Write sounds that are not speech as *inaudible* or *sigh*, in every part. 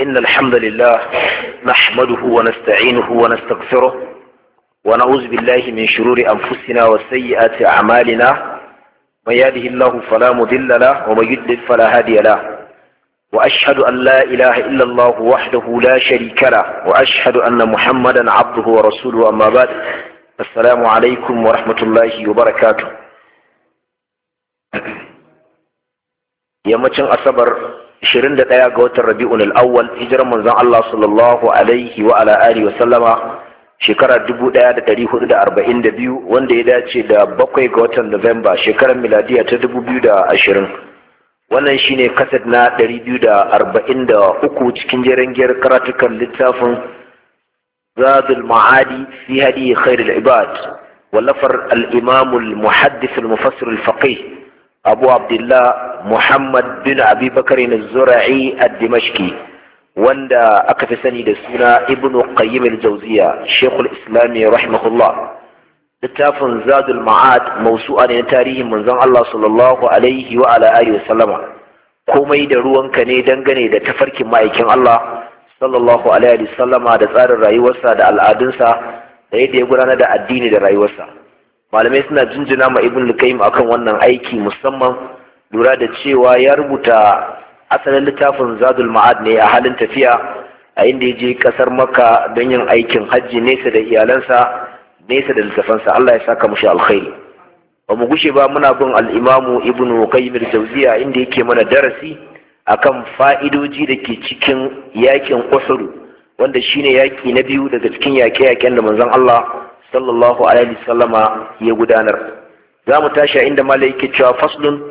إن الحمد لله نحمده ونستعينه ونستغفره ونعوذ بالله من شرور أنفسنا وسيئات أعمالنا من يهده الله فلا مضل له ومن يضلل فلا هادي له وأشهد أن لا إله إلا الله وحده لا شريك له وأشهد أن محمدا عبده ورسوله أما بعد السلام عليكم ورحمة الله وبركاته يمتن أصبر 21 ga watan rabi'un al-awwal hijiran manzon Allah sallallahu alaihi wa ala alihi wa sallama shekara 1442 wanda ya dace da bakwai ga watan Nuwamba shekarar miladiya ta 2020 wannan shine kaset na 243 cikin jeren giyar karatukan littafin Zadul Ma'adi fi hadi khairul ibad wallafar al-Imam al-Muhaddith al-Mufassir al-Faqih أبو عبد الله محمد بن أبي بكر الزرعي الدمشقي وندا da suna ابن قيم الجوزية شيخ الإسلام رحمه الله littafin zadul ma'ad mausu'a ne na tarihin manzon Allah sallallahu komai da ruwanka ne dangane da tafarkin ma'aikin Allah sallallahu alaihi da tsarin rayuwarsa da al'adunsa da yadda ya gudanar da addini da rayuwarsa malamai suna jinjina ma ibn lukaim akan wannan aiki musamman lura da cewa ya rubuta asalin littafin zadul ma'ad ne a halin tafiya a inda ya je kasar makka don yin aikin hajji nesa da iyalansa nesa da littafansa allah ya saka mushi alkhairi ba mu gushe ba muna bin al'imamu ibn qayyim al inda yake mana darasi akan fa'idoji da ke cikin yakin usuru wanda shine yaki na biyu daga cikin yake yaƙen da manzon allah sallallahu alaihi sallama ya gudanar za mu tashi inda malai yake cewa faslun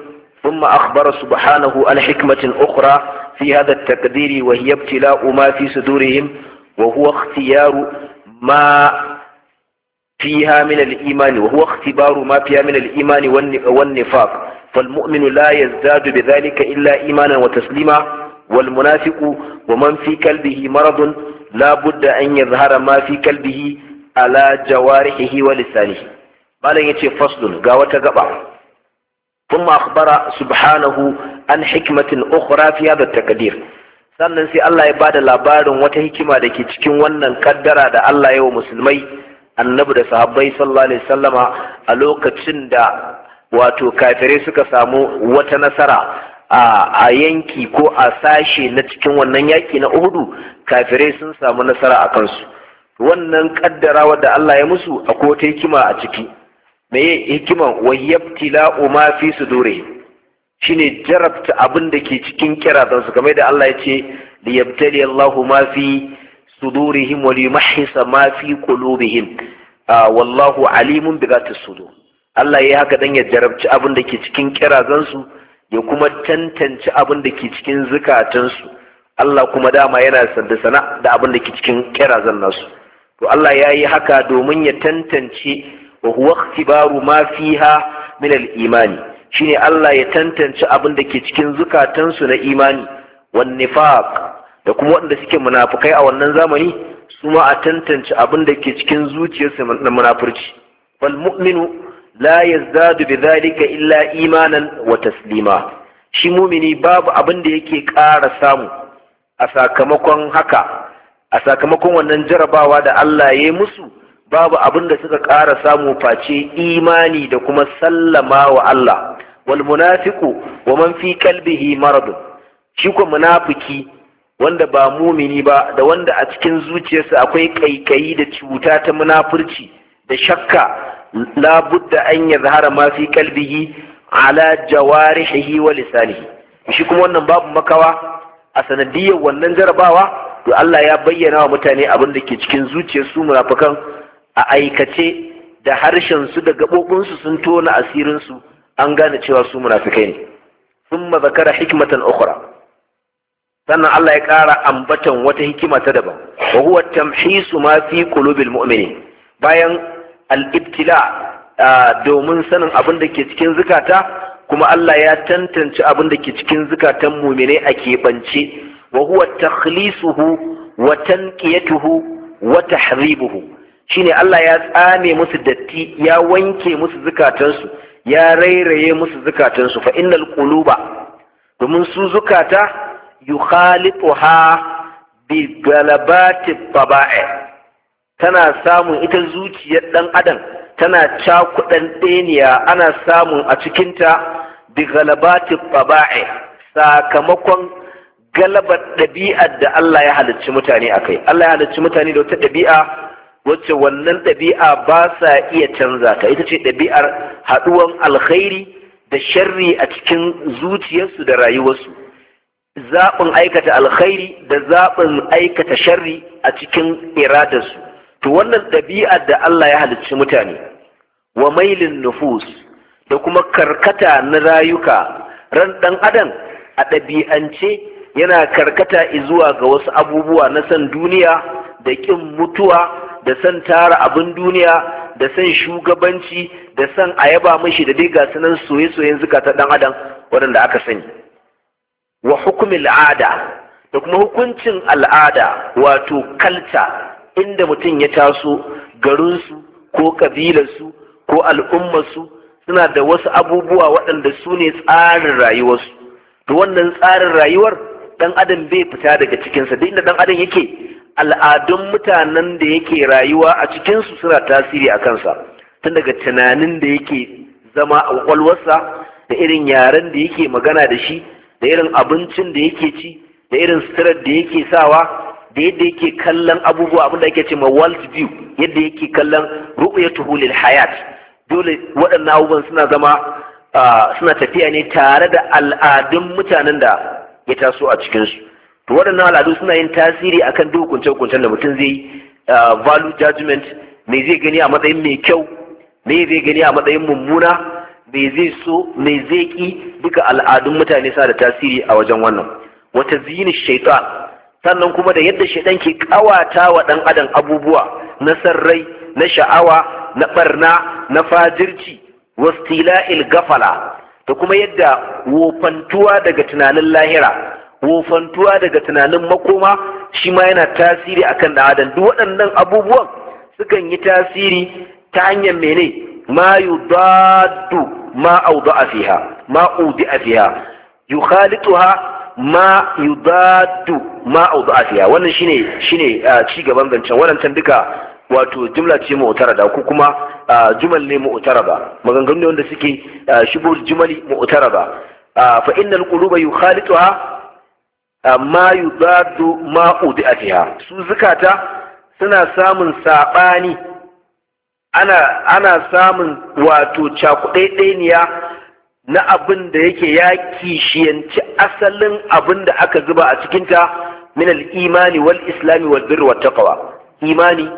thumma akhbara subhanahu an hikmatin ukhra fi hadha at-taqdiri wa hiya ibtila'u ma fi sudurihim wa huwa ikhtiyaru ma فيها من الإيمان وهو اختبار ما فيها من الإيمان والنفاق فالمؤمن لا يزداد بذلك إلا إيمانا وتسليما والمنافق ومن في قلبه مرض لا بد أن يظهر ما في قلبه ala jawarihi wa lisanihi malam yace faslun ga wata gaba ثم akhbara subhanahu an hikmatin ukhra fi هذا takdir sannan sai Allah ya bada labarin wata hikima da ke cikin wannan kaddara da Allah ya wa musulmai annabi da sahabbai sallallahu alaihi wasallama a lokacin da wato kafirai suka samu wata nasara a yanki ko a sashe na cikin wannan yaki na Uhudu kafirai sun samu nasara a kansu wannan kaddara da Allah ya musu akwai wata hikima a ciki meye hikiman wayyabti yabtila'u ma fi sudurihim shine jarabta abin da ke cikin su game da Allah ya ce li yabtali Allahu ma fi sudurihim wa liyumahhisa ma fi qulubihim ah, wallahu alimun bi zati sudur Allah ya haka dan ya jarabci abin da ke cikin su ya kuma tantance abin da ke cikin zukatansu Allah kuma dama yana sanda sana da abin da ke cikin kirazan nasu to Allah ya yi haka domin ya tantance wa huwa ikhtibaru ma fiha min al-imani shine Allah ya tantance abin da ke cikin zukatansu na imani wan nifaq da kuma waɗanda suke munafukai a wannan zamani su ma a tantance abin da ke cikin zuciyarsu na munafurci wal mu'minu la yazdadu bi dhalika illa imanan wa taslima shi mumini babu abin da yake ƙara samu a sakamakon haka a sakamakon wannan jarabawa da Allah ya yi musu babu abin da suka ƙara samu face imani da kuma sallama wa Allah wal munafiqu wa man fi kalbihi marad shi ko munafiki wanda ba mumini ba da wanda a cikin zuciyarsa akwai kaikayi da cuta ta munafurci da shakka la budda an yazhara ma fi kalbihi ala jawarihi wa lisanihi shi kuma wannan babu makawa a sanadiyar wannan jarabawa to Allah ya bayyana wa mutane abin da ke cikin zuciyar su munafikan a aikace da harshen su da gabobin su sun tona asirin su an gane cewa su munafikai ne thumma zakara hikmatan ukhra sannan Allah ya ƙara ambatan wata hikima ta daban wa huwa tamhisu ma fi qulubil mu'minin bayan al-ibtila domin sanin abin da ke cikin zukata kuma Allah ya tantance abin da ke cikin zukatan mu'mine a keɓance wa huwa takhlisuhu wa tanqiyatuhu wa tahribuhu shine Allah ya tsame musu datti ya wanke musu zukatansu ya rairaye musu zukatansu fa innal quluba domin su zukata yukhalituha bi galabati taba'i tana samun ita zuciyar dan adam tana cakudan deniya. ana samun a cikinta bi galabati taba'i sakamakon galabar ɗabi'ar da Allah ya halicci mutane a kai Allah ya halicci mutane da wata ɗabi'a wacce wannan ɗabi'a ba sa iya canza ka ita ce ɗabi'ar haɗuwan alkhairi da sharri a cikin zuciyarsu da rayuwarsu zaɓin aikata alkhairi da zaɓin aikata sharri a cikin iradarsu to wannan ɗabi'ar da Allah ya halicci mutane wa mailin nufus da kuma karkata na rayuka ran ɗan adam a ɗabi'ance yana karkata izuwa ga wasu abubuwa na san duniya da ƙin mutuwa da san tara abin duniya da san shugabanci da san a yaba mashi da dai gasu nan soye-soyen ta ɗan adam waɗanda aka sani wa hukumin al'ada da kuma hukuncin al'ada wato kalta inda mutum ya taso garinsu ko ƙabilarsu ko al'ummarsu suna da wasu abubuwa waɗanda su ne tsarin rayuwarsu to wannan tsarin rayuwar Ɗan adam bai fita daga cikinsa duk inda dan adam yake al'adun mutanen da yake rayuwa a cikinsu suna tasiri a kansa tun daga tunanin da yake zama a kwakwalwarsa da irin yaren da yake magana da shi da irin abincin da yake ci da irin sitirar da yake sawa da yadda yake kallon abubuwa abin da ake ce ma world view yadda yake kallon ru'yatuhu lil hayat dole waɗannan abubuwan suna zama ah, suna tafiya ne tare da al'adun mutanen da ya taso a cikinsu to waɗannan al'adu suna yin tasiri akan duk kunce hukuncen da mutum zai yi value judgment me zai gani a matsayin mai kyau me zai gani a matsayin mummuna me zai so me zai ki duka al'adun mutane sa da tasiri a wajen wannan wata zini shaitan sannan kuma da yadda shaitan ke kawata wa ɗan adam abubuwa na sarrai na sha'awa na barna na fajirci wastila'il gafala da kuma yadda wofantuwa daga tunanin lahira wofantuwa daga tunanin makoma shi ma yana tasiri akan kan adam duk waɗannan abubuwan sukan yi tasiri ta hanyar mene ma yudaddu ma awda'a fiha ma udi'a fiha yukhalituha ma yudaddu ma awda'a fiha wannan shine shine ah, ci gaban zancen duka wato jumla ce mu'tarada ko kuma jumal ne mu'tarada maganganu ne wanda suke shigo jumali mu'tarada fa innal quluba yukhalituha amma yudadu ma udiatiha su zukata suna samun sabani ana ana samun wato cakuɗaiɗainiya na abin da yake ya kishiyanci asalin abin da aka zuba a cikinta ta minal imani wal islami wal birr wat taqwa imani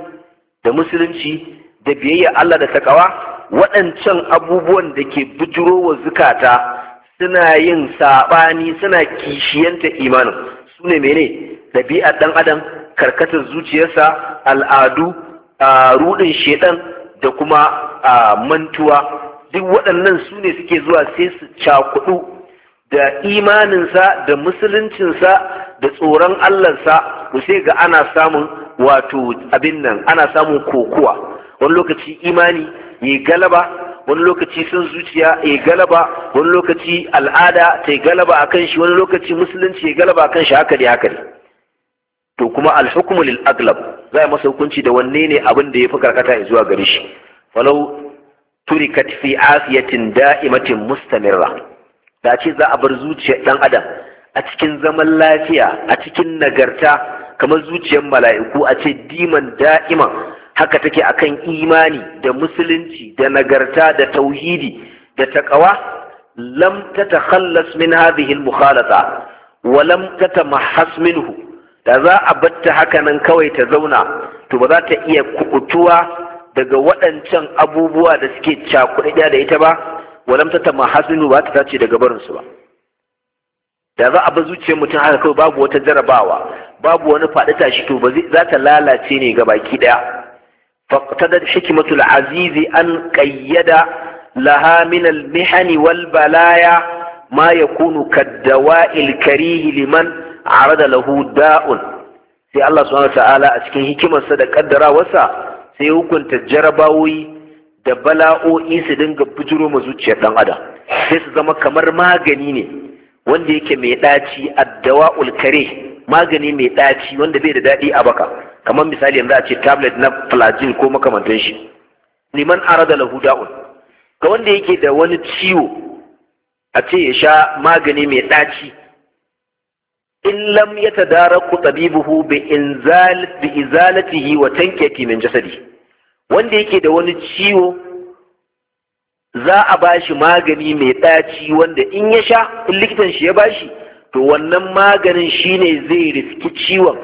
da musulunci da biyayya Allah da takawa waɗancan abubuwan da ke bujiro wa zukata suna yin saɓani suna kishiyanta imanin su ne mene ɗabi'ar ɗan adam karkatar zuciyarsa al'adu a rudin da kuma a mantuwa duk waɗannan su ne suke zuwa sai su cakudu da imaninsa da musuluncinsa da tsoron allansa ku sai ga ana samun wato abin nan ana samun kokuwa wani lokaci imani ya galaba wani lokaci sun zuciya ya galaba wani lokaci al'ada ta galaba a kan shi wani lokaci musulunci ya galaba a kan shi haka ne haka ne to kuma alhukumu lil aglab za a masa hukunci da wanne ne abin da ya fi karkata ya zuwa gare shi falau turikat fi afiyatin da'imatin mustamirra da ce za a bar zuciyar dan adam a cikin zaman lafiya a cikin nagarta kamar zuciyar mala'iku a ce diman da'iman haka take akan imani da musulunci da nagarta da tauhidi da taqwa lam tatakhallas min hadhihi mukhalata wa lam tatamahhas minhu da za a batta hakanan kawai ta zauna to ba za ta iya kukutuwa daga waɗancan abubuwa da suke cakuɗe da ita ba wa lam tatamahhas minhu ba ta tace daga barinsu ba da za a ba zuciyar mutum haka kawai babu wata jarabawa babu wani faɗi tashi to ba za ta lalace ne ga baki ɗaya faqtadar hikmatul azizi an qayyada laha min al mihani wal balaya ma yakunu kadawa'il karih liman arada lahu da'un sai Allah subhanahu ta'ala a cikin hikimarsa da kaddarawarsa sai hukunta jarabawoyi da bala'o'i su dinga bujuro ma zuciyar dan adam sai su zama kamar magani ne wanda yake mai ɗaci addawa'ul kare magani mai ɗaci wanda bai da daɗi a baka kamar misali yanzu a ce tablet na flagyl ko makamantan shi liman arada lahu da'un ga wanda yake da wani ciwo a ce ya sha magani mai ɗaci in lam yatadaraku tabibuhu bi inzal bi izalatihi wa tankiyati min jasadi wanda yake da wani ciwo za a ba shi magani mai ɗaci wanda in ya sha in likitan shi ya ba shi, to wannan maganin shi ne zai riski ciwon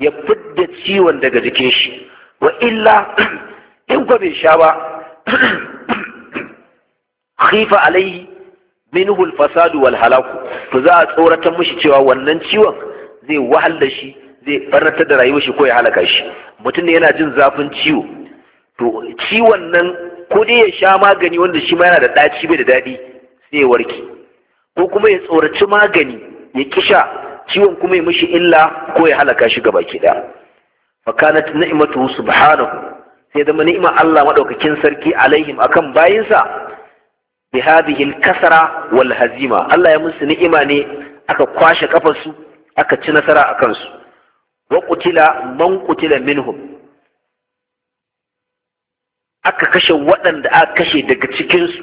ya fidda ciwon daga jikin shi wa illa *clears throat* in kwa bai sha ba *clears throat* khifa alaihi minhu alfasadu wal halaku to za a tsoratar mishi cewa wannan ciwon zai wahal shi zai barnatar da rayuwar shi ko ya halaka shi mutum ne yana jin zafin ciwo to ciwon nan ko dai ya sha magani wanda shi ma yana da ɗaci bai da daɗi sai ya warke ko kuma ya tsoraci magani ya kisha ciwon kuma ya mishi illa ko ya halaka shi gaba ki ɗaya fakanat subhanahu sai zama ni'ima Allah madaukakin sarki alaihim akan bayinsa bi hadhihi al-kasra wal hazima Allah ya musu ni'ima ne aka kwashe kafarsu aka ci nasara akan su wa qutila man qutila minhum aka kashe waɗanda aka kashe daga cikinsu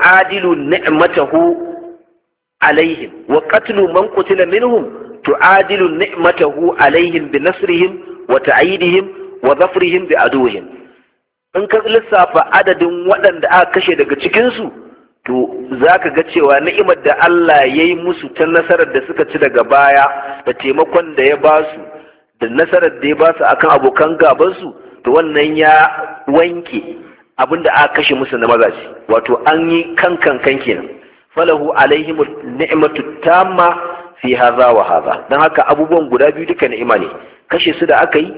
adilu ni'matahu alaihim wa qatlu man qutila minhum tu'adilu ni'matahu alaihim bi nasrihim wa ta'idihim wa zafrihim bi aduwihim in ka lissafa adadin waɗanda aka kashe daga cikinsu to za ka ga cewa ni'imar da Allah ya yi musu ta nasarar da suka ci daga baya da taimakon da ya ba su da nasarar da ya ba su akan abokan gabansu to wannan ya wanke abinda aka kashe musu na mazaje wato an yi kankan kan kenan falahu alaihim ni'matu tamma fi hadha wa hadha dan haka abubuwan guda biyu duka ni'ima ne kashe su da aka yi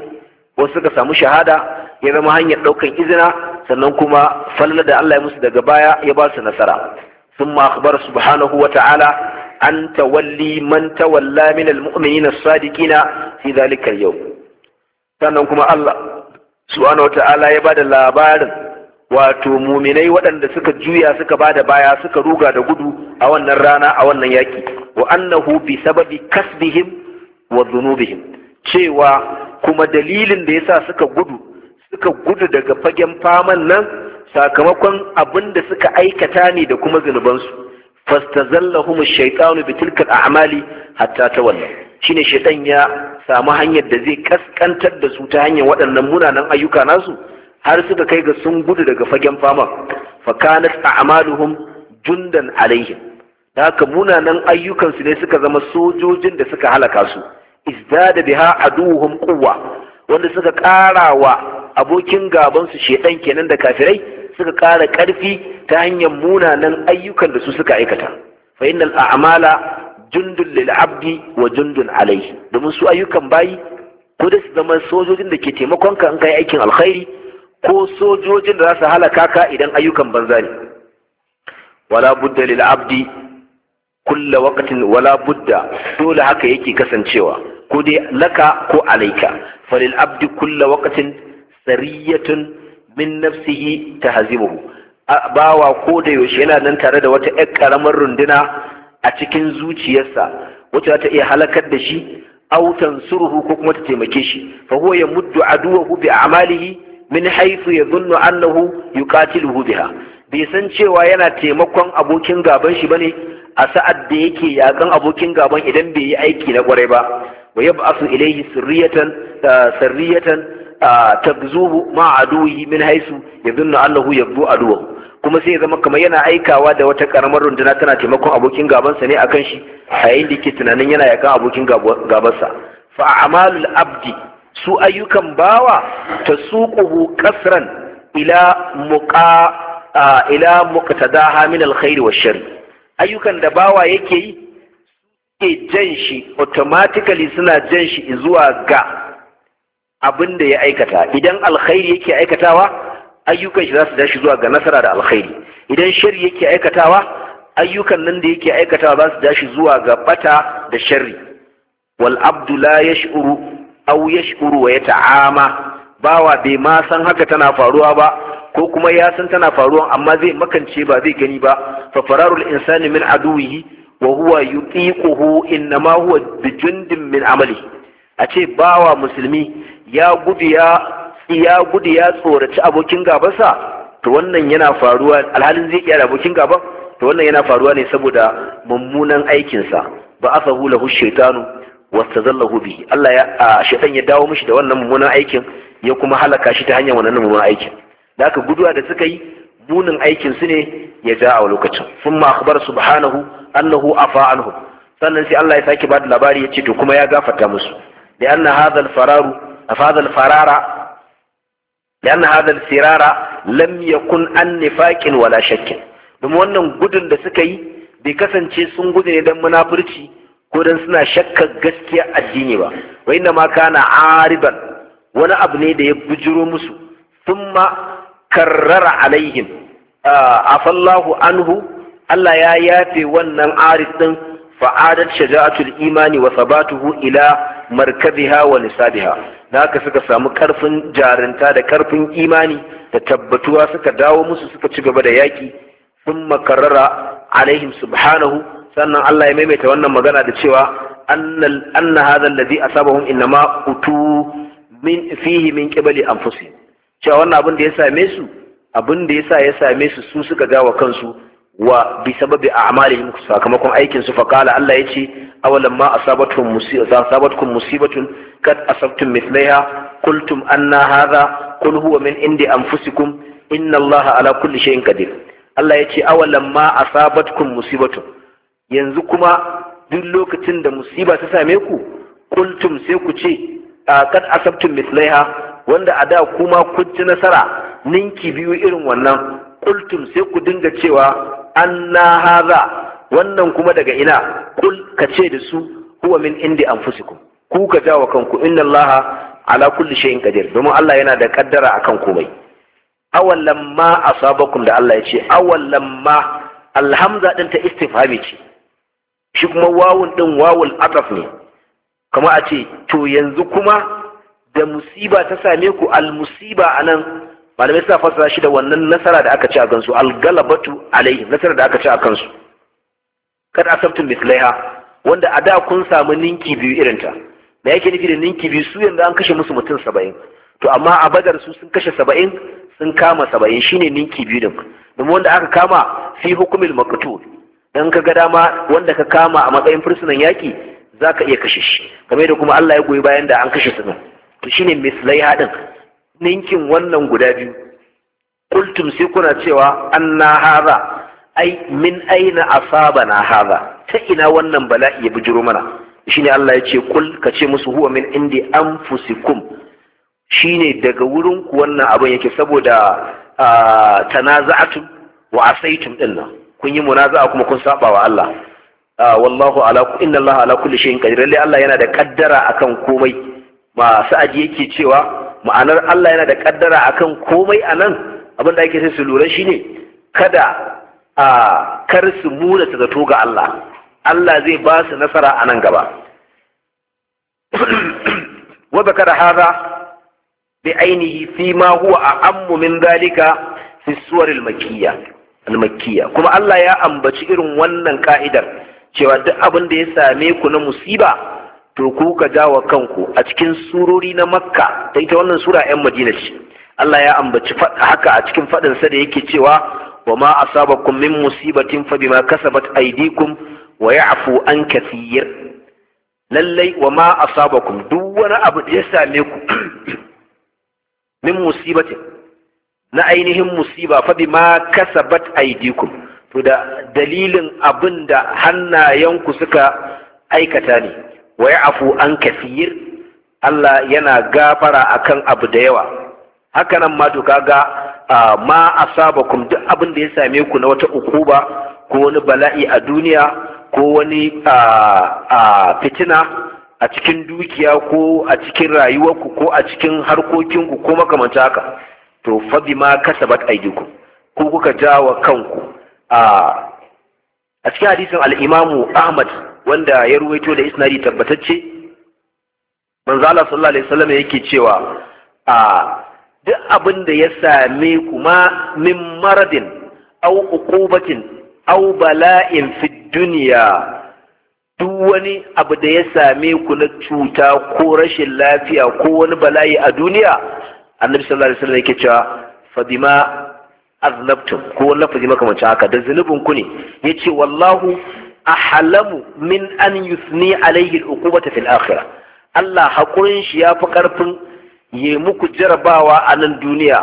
wasu suka samu shahada ya zama hanyar daukan izina sannan kuma falala da Allah ya musu daga baya ya ba su nasara ثم أخبر سبحانه an عن تولي من تولى من المؤمنين الصادقين في ذلك اليوم sannan kuma Allah subhanahu wata'ala ya bada labarin wato muminai waɗanda suka juya suka bada baya suka ruga da gudu a wannan rana a wannan yaki wa annahu bi sababi kasbihim wa dhunubihim cewa kuma dalilin da yasa suka gudu suka gudu daga fagen faman nan sakamakon abin da suka aikata ne da kuma zunubansu fastazallahum ash-shaytanu bi tilka al-a'mali hatta tawalla shine shaytan ya samu hanyar da zai kaskantar da su ta hanyar waɗannan munanan ayyuka nasu har suka kai ga sun gudu daga fagen fama fa kanat a'maluhum jundan alaihim haka munanan ayyukansu ne suka zama sojojin da suka halaka su izdada biha aduhum quwwa wanda suka karawa abokin gaban su shedan kenan da kafirai suka kara karfi ta hanyar munanan ayyukan da su suka aikata fa innal a'mala jundun lil abdi wa jundun alaihi domin su ayyukan bayi ko da su zama sojojin da ke taimakon ka in kai aikin alkhairi ko sojojin da za su halaka ka idan ayyukan banza ne wala budda lil abdi kulla waqtin wala budda dole haka yake kasancewa ko dai laka ko alaika falil abdi kulla waqtin sariyatun min nafsihi tahzimuhu bawa ko da yaushe yana nan tare da wata ƴar ƙaramar runduna a cikin zuciyarsa wacce za ta iya halakar da shi autan tansuruhu ko kuma ta taimake shi fa huwa yamuddu aduwahu bi a'malihi min haythu yadhunnu annahu yuqatiluhu biha bai san cewa yana taimakon abokin gaban shi bane a sa'ad da yake yakan abokin gaban idan bai yi aiki na kwarai ba wa yab'asu ilayhi sirriyatan sirriyatan tagzuhu ma aduwihi min haythu yadhunnu annahu yabdu aduwahu kuma sai ya zama kamar yana aikawa da wata karamar runduna tana taimakon abokin gabansa ne akan shi a yayin da yake tunanin yana yakan abokin gabansa fa amalul abdi su ayyukan bawa ta suquhu kasran ila muqa ila muqtadaha min alkhair wa shar ayyukan da bawa yake yi ke jan shi automatically suna jan shi zuwa ga abin da ya aikata idan alkhairi yake aikatawa ayyukan shi za su dashi zuwa ga nasara da alkhairi idan shari yake aikatawa ayyukan nan da yake aikatawa za su dashi zuwa ga bata da sharri wal abdu la yash'uru aw yash'uru wa yata'ama bawa bai ma san haka tana faruwa ba ko kuma ya san tana faruwa amma zai makance ba zai gani ba fa fararul insani min aduwihi wa huwa yutiquhu innama huwa bijundin min amali a ce bawa musulmi ya gudu ya ya gudu ya tsoraci abokin gabansa to wannan yana faruwa alhalin zai iya abokin gaban to wannan yana faruwa ne saboda mummunan aikinsa ba a sahu lahu shaitanu wasta zallahu bi Allah ya shaitan ya dawo mishi da wannan mummunan aikin ya kuma halaka shi ta hanyar wannan mummunan aikin da aka guduwa da suka yi bunin aikin su ne ya ja a lokacin sun ma akhbar subhanahu annahu afa anhu sannan sai Allah ya sake ba da labari ya ce to kuma ya gafata musu da anna hadha farara لأن هذا الفرار لم يكن عن نفاق ولا شك wannan gudun da suka yi bai kasance sun gudu ne don munafurci ko don suna shakkar gaskiya addini ba wai na maka na ariban wani abu ne da ya bujiro musu sun ma karrara alaihim afallahu anhu Allah ya yafe wannan aris din fa'adat shaja'atul imani wa sabatuhu ila markabiha wa nisabiha da haka suka samu karfin jarinta da karfin imani da tabbatuwa suka dawo musu suka ci gaba da yaƙi sun makarara alaihim subhanahu sannan Allah ya maimaita wannan magana da cewa anna hadha alladhi asabahum ma utu min fihi min qibali anfusihim cewa wannan abin da ya same su abin da yasa ya same su su suka gawa kansu wa bi sababi a'malihim sakamakon aikin su faqala Allah yace awalan ma asabatuhum musibatu asabatkum musibatun kad asabtum mithlaha qultum anna hadha qul huwa min indi anfusikum inna Allah ala kulli shay'in qadir Allah yace awalan ma asabatkum musibatun yanzu kuma duk lokacin da musiba ta same ku qultum sai ku ce kad asabtum mithlaha wanda a da kuma kun ci nasara ninki biyu irin wannan kultum sai ku dinga cewa anna haza wannan kuma daga ina kul ka ce da su huwa min indi anfusikum ku ka jawo kanku inna Allah ala kulli shay'in qadir domin Allah yana da kaddara akan komai awallan ma asabakum da Allah ya ce awallan ma alhamza din ta istifhami ce shi kuma wawun din wawul ataf ne kamar a ce to yanzu kuma da musiba ta same ku al musiba anan malamai suna fassara shi da wannan nasara da aka ci a kansu algalabatu alai nasara da aka ci a kansu kad asabtu mislaiha wanda a da kun samu ninki biyu irinta me yake nufi da ninki biyu su yanzu an kashe musu mutum saba'in to amma a badar su sun kashe saba'in sun kama saba'in shine ninki biyu din domin wanda aka kama fi hukumil maqtul dan ka ga dama wanda ka kama a matsayin fursunan yaki zaka iya kashe shi game da kuma Allah ya goyi bayan da an kashe su to shine mislaiha din ninkin wannan guda biyu kultum sai kuna cewa an na haza ai min aina na haza ta ina wannan bala'i ya bujiro mana shine Allah ya ce kul ka ce musu huwa min indi anfusikum shine daga wurin ku wannan abin yake saboda tanaza'atun wa asaitum dinnan kun yi munaza'a kuma kun saba wa Allah wallahu ala inna Allah ala kulli shay'in qadir lalle Allah yana da kaddara akan komai ba sa'adi yake cewa ma'anar Allah yana da kaddara akan komai a nan abinda ake sai su lura shi ne kada a kar su muna su zato ga Allah Allah zai ba su nasara a nan gaba wa zakara hadha bi ainihi fi ma huwa a'ammu min dalika fi suwar al-makkiyya kuma Allah ya ambaci irin wannan ka'idar cewa duk abin da ya same ku na musiba to ku ka jawa kanku a cikin surori na makka ta ita wannan sura 'yan madina ce Allah ya ambaci haka a cikin faɗinsa da yake cewa wa ma asabakum min musibatin fa bima kasabat aydikum wa ya'fu an kathir lallai wa ma asabakum duk wani abu da ya same ku *clears throat* min musibatin na ainihin musiba fa bima kasabat aydikum to da dalilin abin da hannayenku suka aikata ne wa afu an kafir Allah yana gafara akan abu da yawa haka nan ma to kaga ma asabakum duk abin da ya same ku na wata ukuba ko wani bala'i a duniya ko wani a fitina a cikin dukiya ko a cikin rayuwarku ko a cikin harkokinku ko makamanta haka to fa ma kasabat aydikum ko kuka jawa kanku a cikin hadisin al-imamu Ahmad wanda ya ruwaito da isnadi tabbatacce manzo Allah sallallahu alaihi wasallam yake cewa a duk abin da ya same kuma min maradin au uqubatin au bala'in fi dunya duk wani abu da ya same ku na cuta ko rashin lafiya ko wani bala'i a duniya annabi sallallahu alaihi wasallam yake cewa fadima aznabtum ko wani lafazi makamancin haka da zunubin ku ne yace wallahu ahalamu min an yusni alayhi al-uqubata fil akhirah Allah hakurin shi ya fi karfin ya muku jarabawa a nan duniya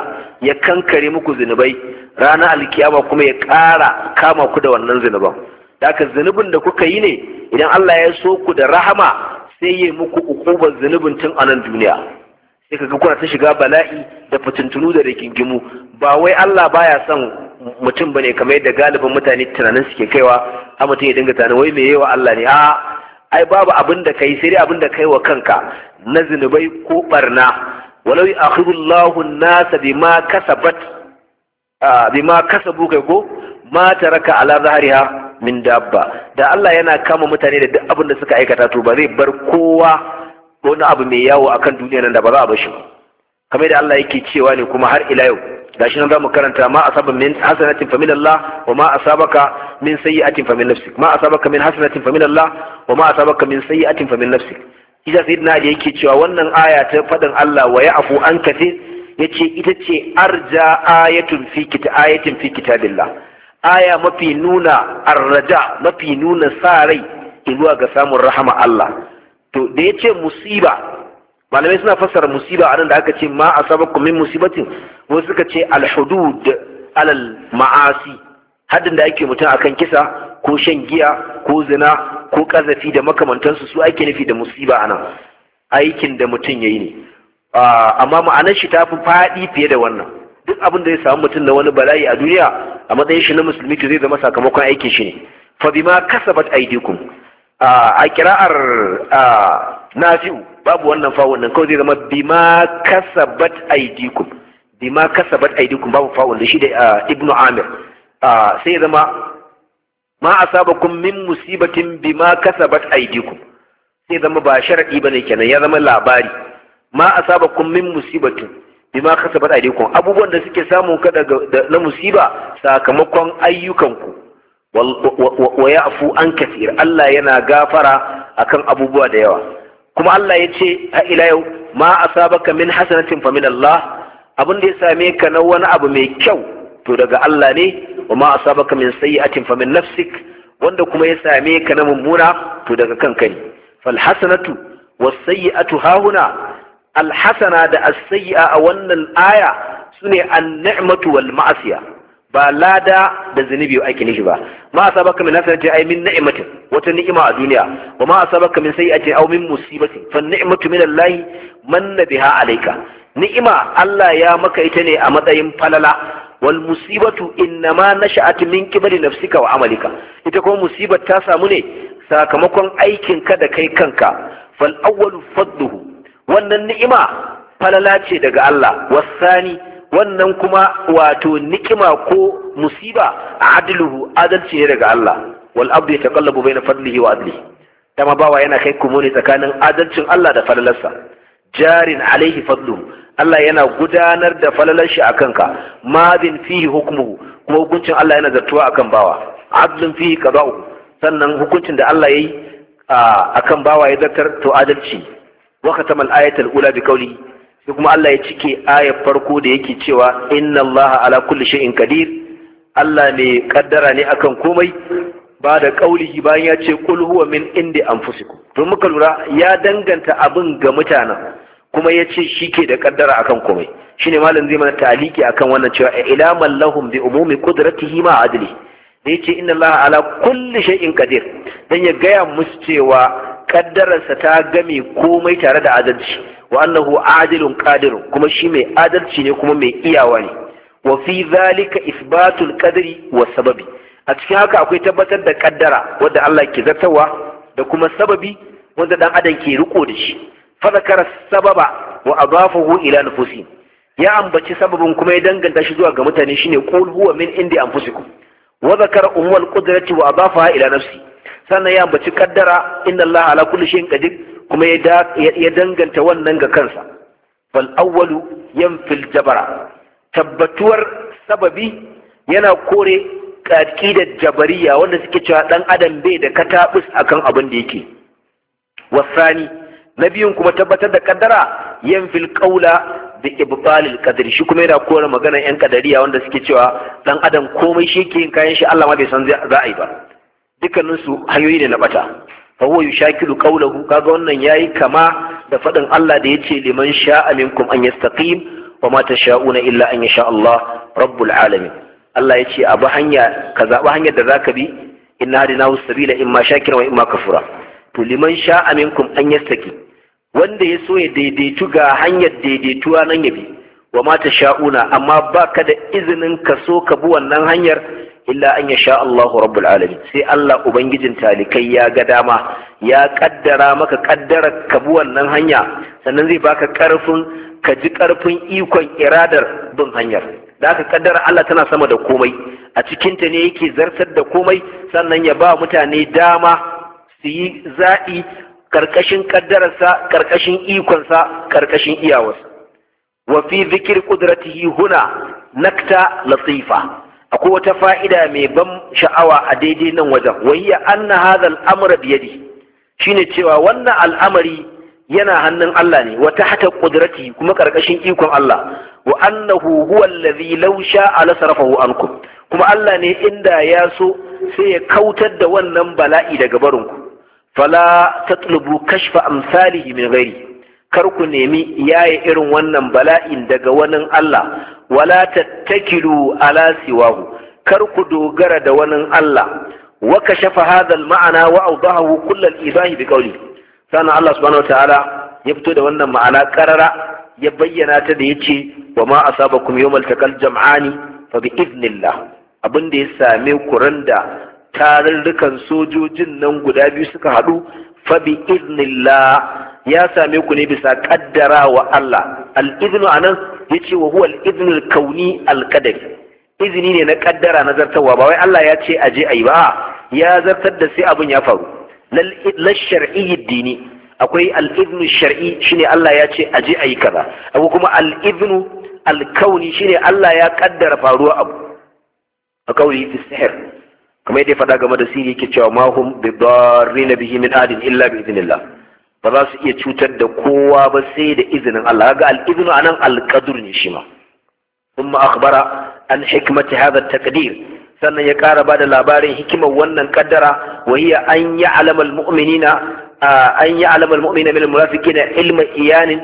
ya kankare muku zinubai ranar alkiyama kuma ya ƙara kama ku da wannan zunuban haka zinubin da kuka yi ne idan Allah ya so ku da rahama sai ya muku ukubar zunubin tun a nan duniya sai ka ga kuna ta shiga bala'i da fitintunu da rigingimu ba wai Allah baya son mutum bane kamar yadda galibin mutane tunanin suke kaiwa a mutum ya dinga tunanin wai me yawa Allah ne a ai babu abin da kai sai dai abin da kai wa kanka na zinubai ko barna walau akhirullahu an-nasa bima kasabat bima kasabu kai ko ma taraka ala zahariha min dabba da Allah yana kama mutane da duk abin da suka aikata to ba zai bar kowa ko wani abu mai yawo a kan duniya nan da ba za a bashi ba kamar da Allah yake cewa ne kuma har ila yau gashi nan mu karanta ma asaba min hasanatin fa min Allah wa ma asabaka min sayyi'atin fa min nafsik ma asabaka min hasanatin fa min Allah wa ma asabaka min sayyi'atin fa min nafsik idan sayyidina Ali yake cewa wannan aya ta fadin Allah wa ya'fu an kathir yace ita ce arja ayatun fi kita ayatin fi kitabillah aya mafi nuna arraja mafi nuna sa rai zuwa ga samun rahama Allah to da ya ce musiba malamai suna fassara musiba a nan da aka ce ma a sabakun kumin musibatin wasu suka ce alhudud alal ma'asi haddin da ake mutum akan kisa ko shan giya ko zina ko kazafi da makamantansu su ake nufi da musiba a nan aikin da mutum ya yi ne ah, amma ma'anar shi ta fi faɗi fiye da wannan duk abin da ya samu mutum da wani bala'i a duniya a matsayin shi na musulmi to zai zama sakamakon aikin shi ne fa bima kasabat aidikum a kira'ar nafi'u babu wannan fawon nan kawai zai zama bima kasabat aidikum bima kasabat aidikum babu fawon da shi da ibnu amir sai zama ma asabakum min musibatin bima kasabat aidikum sai zama ba sharadi bane kenan ya zama labari ma asabakum min musibatin bima kasabat aidikum abubuwan da suke samun ka daga na musiba sakamakon ayyukanku wa ya'fu an katir Allah yana gafara akan abubuwa da yawa kuma Allah ya ce a ila yau ma asabaka min hasanatin fa min Allah abin da ya same ka na wani abu mai kyau to daga Allah ne wa ma asabaka min sayyi'atin fa min nafsik wanda kuma ya same ka na mummuna to daga kanka ne fal hasanatu was sayyi'atu hahuna al hasana da as sayyi'a a wannan aya sune an ni'matu wal ma'asiya ba lada da zunubi ake nishi ba ma asabaka min hasanati ay min ni'matin wata ni'ima a duniya wa ma asabaka min sayyi'atin aw min musibati fa ni'matu min Allah manna biha alayka ni'ima Allah ya maka ita ne a matsayin falala wal musibatu innama nasha'at min kibali nafsika wa amalika ita kuma musibar ta samu ne sakamakon aikin ka da kai kanka fal awwalu fadluhu wannan ni'ima falala ce daga Allah wasani wannan kuma wato nikima ko musiba adluhu adalci ne daga Allah wal abdu yataqallabu bayna fadlihi wa adlihi dama bawa yana kai kumo ne tsakanin adalcin Allah da falalarsa jarin alaihi fadlu Allah yana gudanar da falalar shi akan madin fihi hukmuhu kuma hukuncin Allah yana zartuwa akan bawa adlun fihi qada'u sannan hukuncin da Allah yayi akan bawa ya zartar to adalci wa khatamal ayatul ula bi qawli sai kuma Allah ya cike ayar farko da yake cewa inna Allah ala kulli shay'in qadir Allah ne kaddara ne akan komai ba da kaulihi bayan ya ce qul huwa min indi anfusikum to muka lura ya danganta abin ga mutanen kuma ya ce shi ke da kaddara akan komai shine malam zai mana taliki akan wannan cewa ila man lahum bi umumi qudratihi ma adli da yace inna Allah ala kulli shay'in qadir dan ya gaya musu cewa kaddararsa ta game komai tare da adalci wa annahu adilun kuma shi mai adalci ne kuma mai iyawa ne wa zalika isbatul qadri wa sababi a cikin haka akwai tabbatar da kaddara wanda Allah ke zartawa da kuma sababi wanda dan adam ke riko da shi fa zakara sababa wa adafahu ila nufusihim ya ambaci sababin kuma ya danganta shi zuwa ga mutane shine qul huwa min indi anfusikum wa zakara umul wa adafaha ila nafsi sannan ya ambaci kaddara inna Allah ala kulli shay'in qadir kuma ya danganta wannan ga kansa bal awwalu yanfil jabara tabbatuwar sababi yana kore da jabariya wanda suke cewa ɗan adam bai da katabus akan abin da yake wasani na biyun kuma tabbatar da kaddara yanfil qaula da ibtalil qadri shi kuma yana kore magana yan kadariya wanda suke cewa ɗan adam komai shi ke yin kayan shi Allah ma bai san za a yi ba dukkanin su hanyoyi ne na bata fa huwa yushakilu qawluhu kaga wannan yayi kama da faɗin Allah da yace liman sha'a minkum an yastaqim wa ma tasha'una illa an yasha Allah rabbul alamin Allah yace abu hanya ka zabi hanyar da zaka bi inna hadinahu sabila imma shakira wa imma kafura to liman sha'a minkum an yastaqim wanda ya so ya daidaitu ga hanyar daidaituwa nan ya bi wa ma tasha'una amma baka da izinin ka so ka bi wannan hanyar illa an ya sha Allahu rabbul alamin sai Allah ubangijin talikai ya ga dama ya kaddara maka kaddara ka bi wannan hanya sannan zai baka karfin ka ji karfin ikon iradar bin hanyar da aka kaddara Allah tana sama da komai a cikin ta ne yake zartar da komai sannan ya ba mutane dama su yi za'i karkashin kaddararsa karkashin ikonsa karkashin iyawarsa wa fi zikir qudratihi huna nakta latifa akwai wata fa'ida mai ban sha'awa a daidai nan wajen wayya anna hadha al-amra bi Shi shine cewa wannan al'amari yana hannun Allah ne Wata hata qudrati kuma ƙarƙashin ikon Allah wa na huwa lausha a sha'a lasrafahu ankum kuma Allah ne inda ya so sai ya kautar da wannan bala'i daga barinku fala tatlubu kashfa amsalihi min ghairi kar ku nemi yaye irin wannan bala'in daga wani Allah wala tattakilu ala siwahu kar ku dogara da wani Allah wa kashafa hadha maana wa awdahu kull al-ibahi bi qawli sana Allah subhanahu wa ta'ala ya fito da wannan ma'ana karara ya bayyana ta da yace wa ma asabakum yawmal taqal jam'ani fa bi idnillah abin da ya same ku randa tarurrukan sojojin nan guda biyu suka haɗu fa bi idnillah ya same ku ne bisa kaddara wa Allah al-iznu anan yace wa huwa al-iznu al-kauni al-qadari izini ne na kaddara na zartarwa ba wai Allah ya ce aje ayi ba ya zartar da sai abin ya faru lal shar'i dini akwai al-iznu shar'i shine Allah ya ce aje ayi kaza akwai kuma al-iznu al-kauni shine Allah ya kaddara faruwa abu a kauli fi sihr kamar yadda ya faɗa game da sirri yake cewa mahum bi darrin bihi min adin illa bi idnillah ba za su iya cutar da kowa ba sai da izinin Allah ga al anan alƙadur ne shi ma thumma an hikmati hadha at-taqdir sannan ya ƙara ba da labarin hikimar wannan kaddara wa hiya an ya'lamal mu'minina an ya'lamal mu'mina min al-munafiqina ilma iyanin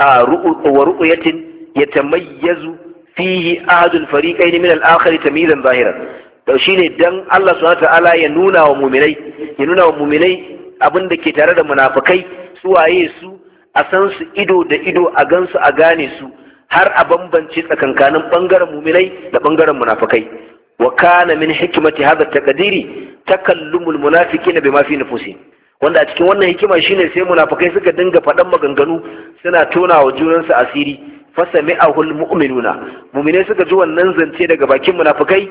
wa ru'yatin yatamayyazu fihi ahadul fariqayn min al-akhir tamyizan zahiran to shine dan Allah subhanahu wa ta'ala ya nuna wa mu'minai ya nuna wa mu'minai abin da ke tare da munafukai suwaye su a san su ido da ido a gansu a gane su har a bambance tsakankanin bangaren muminai da bangaren munafukai wa kana min hikimati hadha taqdiri takallumul munafiqina bima fi nufusihim wanda a cikin wannan hikima shine sai munafukai suka dinga faɗan maganganu suna tona wa junansu asiri fasami'ahul mu'minuna mu'minai suka ji wannan zance daga bakin munafukai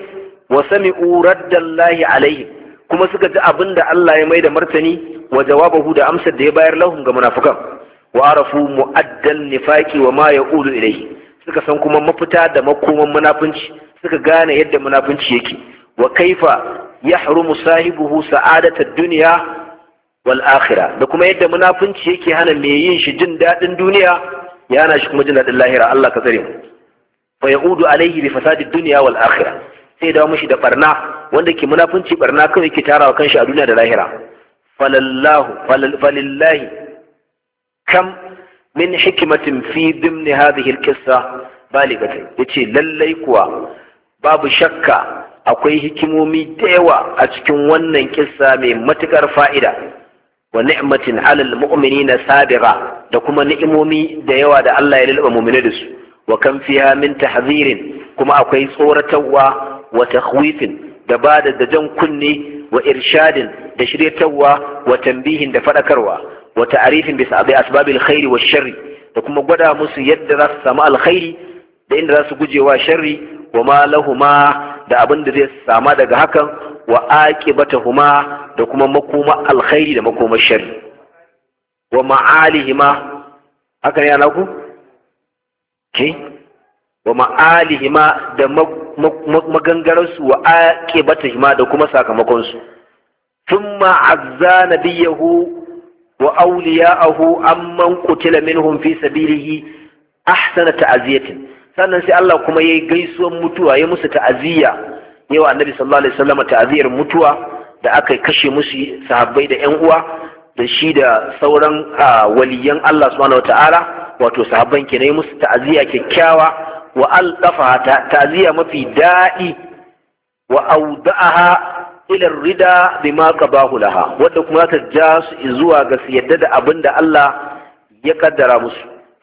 wa sami'u raddallahi alaihim kuma suka ji abin da Allah ya mai da martani wa jawabahu da amsar da ya bayar lahun ga munafukan wa arafu mu'addal nifaqi wa ma ya'ulu ilayhi suka san kuma mafita da makoman munafunci suka gane yadda munafunci yake wa kaifa yahrumu sahibuhu sa'adatad dunya wal akhirah da kuma yadda munafunci yake hana mai yin shi jin dadin duniya ya hana shi kuma jin dadin lahira Allah ka tsare mu fa ya'udu alayhi bi fasadi dunya wal akhirah sai dawo mishi da barna wanda ke munafunci barna kawai ke tarawa kanshi a duniya da lahira falallahu falillahi kam min hikimatin fi dimni hadhihi alqissa baligata yace lallai kuwa babu shakka akwai hikimomi da yawa a cikin wannan kissa mai matukar fa'ida wa ni'matin alal mu'minina sabira da kuma ni'imomi da yawa da Allah ya lulluɓa mu'mina da su wa kan fiha min tahzirin kuma akwai tsoratarwa wa takhwifin da ba da jan kunne wa irshadin da shiryatarwa wa tambihin da faɗakarwa wa ta'arifin bisa abi asbabil khairi wa shari da kuma gwada musu yadda za su samu alkhairi da inda za su wa sharri wa ma lahuma da abin da zai sama daga hakan wa aqibatahuma da kuma makoma alkhairi da makoma sharri wa ma'alihima haka ne ana ku ke wa ma'alihima da su wa ake bata hima da kuma sakamakonsu sun ma'azza na biyahu wa an man kutila minhum fi sabilihi ahsana ta'aziyatin sannan sai Allah kuma ya yi gaisuwar mutuwa ya musu ta'aziyya yawa annabi sallallahu alaihi wasallam ta'aziyar mutuwa da aka kashe musu sahabbai da yan uwa da shi da sauran ah, waliyan Allah subhanahu wataala wato sahabban kenan ya musu ta'aziyya kyakkyawa وألطفها تأذية في دائي وأودعها إلى الرداء بما قباه لها ودكمات الجاس إزوا قس يدد أبند الله يقدر مس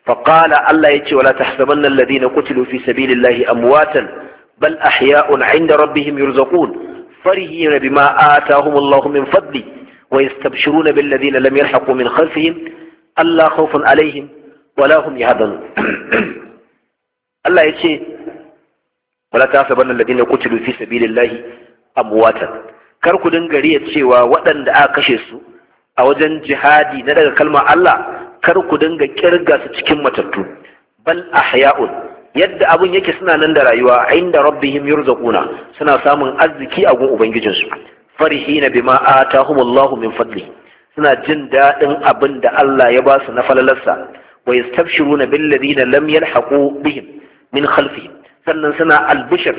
فقال الله يتي ولا تحسبن الذين قتلوا في سبيل الله أمواتا بل أحياء عند ربهم يرزقون فرهين بما آتاهم الله من فضل ويستبشرون بالذين لم يلحقوا من خلفهم الله خوف عليهم ولا هم يهدون Allah ya ce wala tasabanna alladhina qutilu fi sabilillahi amwatan kar ku dinga riya cewa waɗanda aka kashe su a wajen jihadi na daga kalmar Allah kar ku dinga kirga su cikin matattu bal ahya'un yadda abun yake suna nan da rayuwa inda rabbihim yurzaquna suna samun arziki a gun ubangijinsu farihina bima atahumullahu min fadli suna jin daɗin abin da Allah ya ba su na falalarsa wa yastabshiruna bil ladina lam yalhaqu bihim min khalfi sannan suna albishir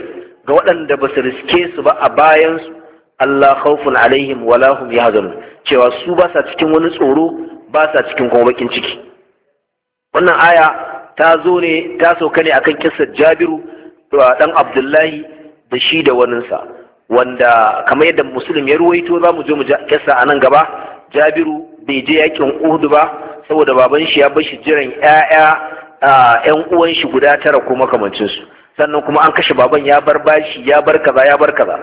ga waɗanda ba su riske su ba a bayansu Allah khawfun alaihim wala hum yahzanun cewa su ba sa cikin wani tsoro ba sa cikin kuma bakin ciki wannan aya ta zo ne ta sauka ne akan kissar Jabiru dan Abdullahi da shi da waninsa wanda kamar yadda Muslim ya ruwaito za mu je mu kissa a nan gaba Jabiru bai je yakin Uhud ba saboda baban shi ya bar shi jiran 'ya'ya 'yan uwan shi guda tara ko makamancinsu sannan kuma an kashe baban ya bar bashi ya bar kaza ya bar kaza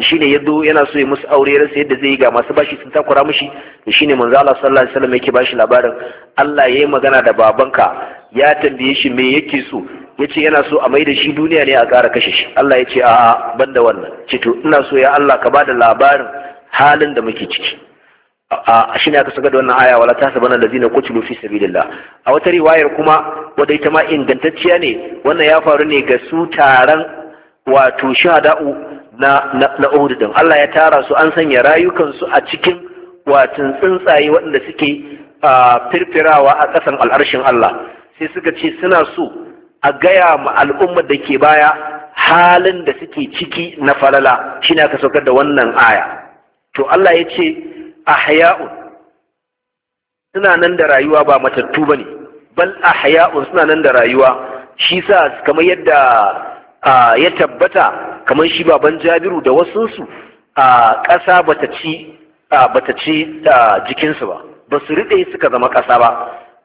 shine ya zo yana so ya musu aure rasa yadda zai yi ga masu bashi sun takura mushi to shine manzo Allah sallallahu alaihi wasallam yake bashi labarin Allah yayi magana da babanka ya tambaye shi me yake so yace yana so a mai da shi duniya ne a ƙara kashe shi Allah ya ce a'a banda wannan ce to ina so ya Allah ka bada labarin halin da muke ciki shi ne aka saka da wannan aya wala ta sabana lazina fi sabilillah a wata riwayar kuma wadai ita ma ingantacciya ne wannan ya faru ne ga su taran wato shahada'u na na Uhud din Allah ya tara su an sanya rayukan su a cikin wato tsuntsaye waɗanda suke firfirawa a ƙasan al'arshin Allah sai suka ce suna so a gaya ma al'ummar da ke baya halin da suke ciki na falala shine aka saukar da wannan aya to Allah ya ce ahya'un suna nan da rayuwa ba matattu ba bane bal ahya'un suna nan da rayuwa shi sa kamar yadda ya tabbata kamar shi baban Jabiru da wasunsu a ƙasa bata ci bata ci jikinsu ba ba su riɗe suka zama ƙasa ba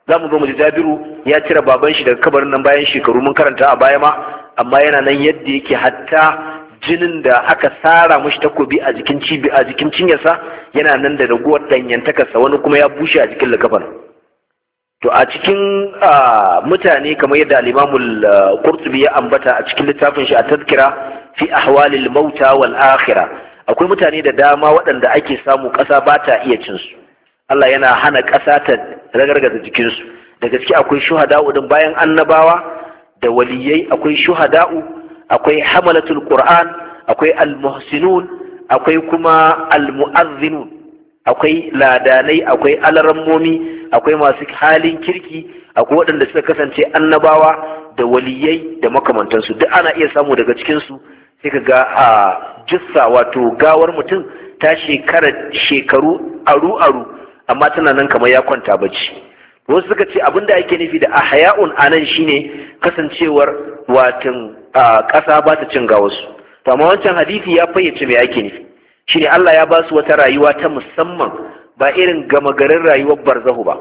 za mu zo mu ji jabiru ya cire baban shi daga kabarin nan bayan shekaru mun karanta a baya ma amma yana nan yadda yake hatta jinin da aka sara mashi takobi a jikin cibi a jikin cinyarsa yana nan da raguwar danyantakarsa wani kuma ya bushe a jikin likafan to a cikin mutane kamar yadda alimamul imamul qurtubi ya ambata a cikin littafin shi a tazkira fi ahwalil mauta wal akhira akwai mutane da dama waɗanda ake samu ƙasa ba ta iya cin su Allah yana hana ƙasa ta ragargaza jikinsu da gaske akwai shuhada'u din bayan annabawa da waliyai akwai shuhada'u akwai hamalatul qur'an akwai almuhsinun akwai kuma almu'azzinun akwai ladanai akwai alarammomi akwai masu halin kirki akwai waɗanda suka kasance annabawa da waliyai da makamantansu duk ana iya samu daga cikinsu sai ka ga a jissa wato gawar mutum ta shekara shekaru aru aru amma tana nan kamar ya kwanta bacci wasu suka ce abinda ake nufi da ahya'un anan shine kasancewar watan a ƙasa ba ta cin gawarsu to amma wancan hadisi ya fayyace mai ake nufi shine Allah ya ba su wata rayuwa ta musamman ba irin gama garin rayuwar barzahu ba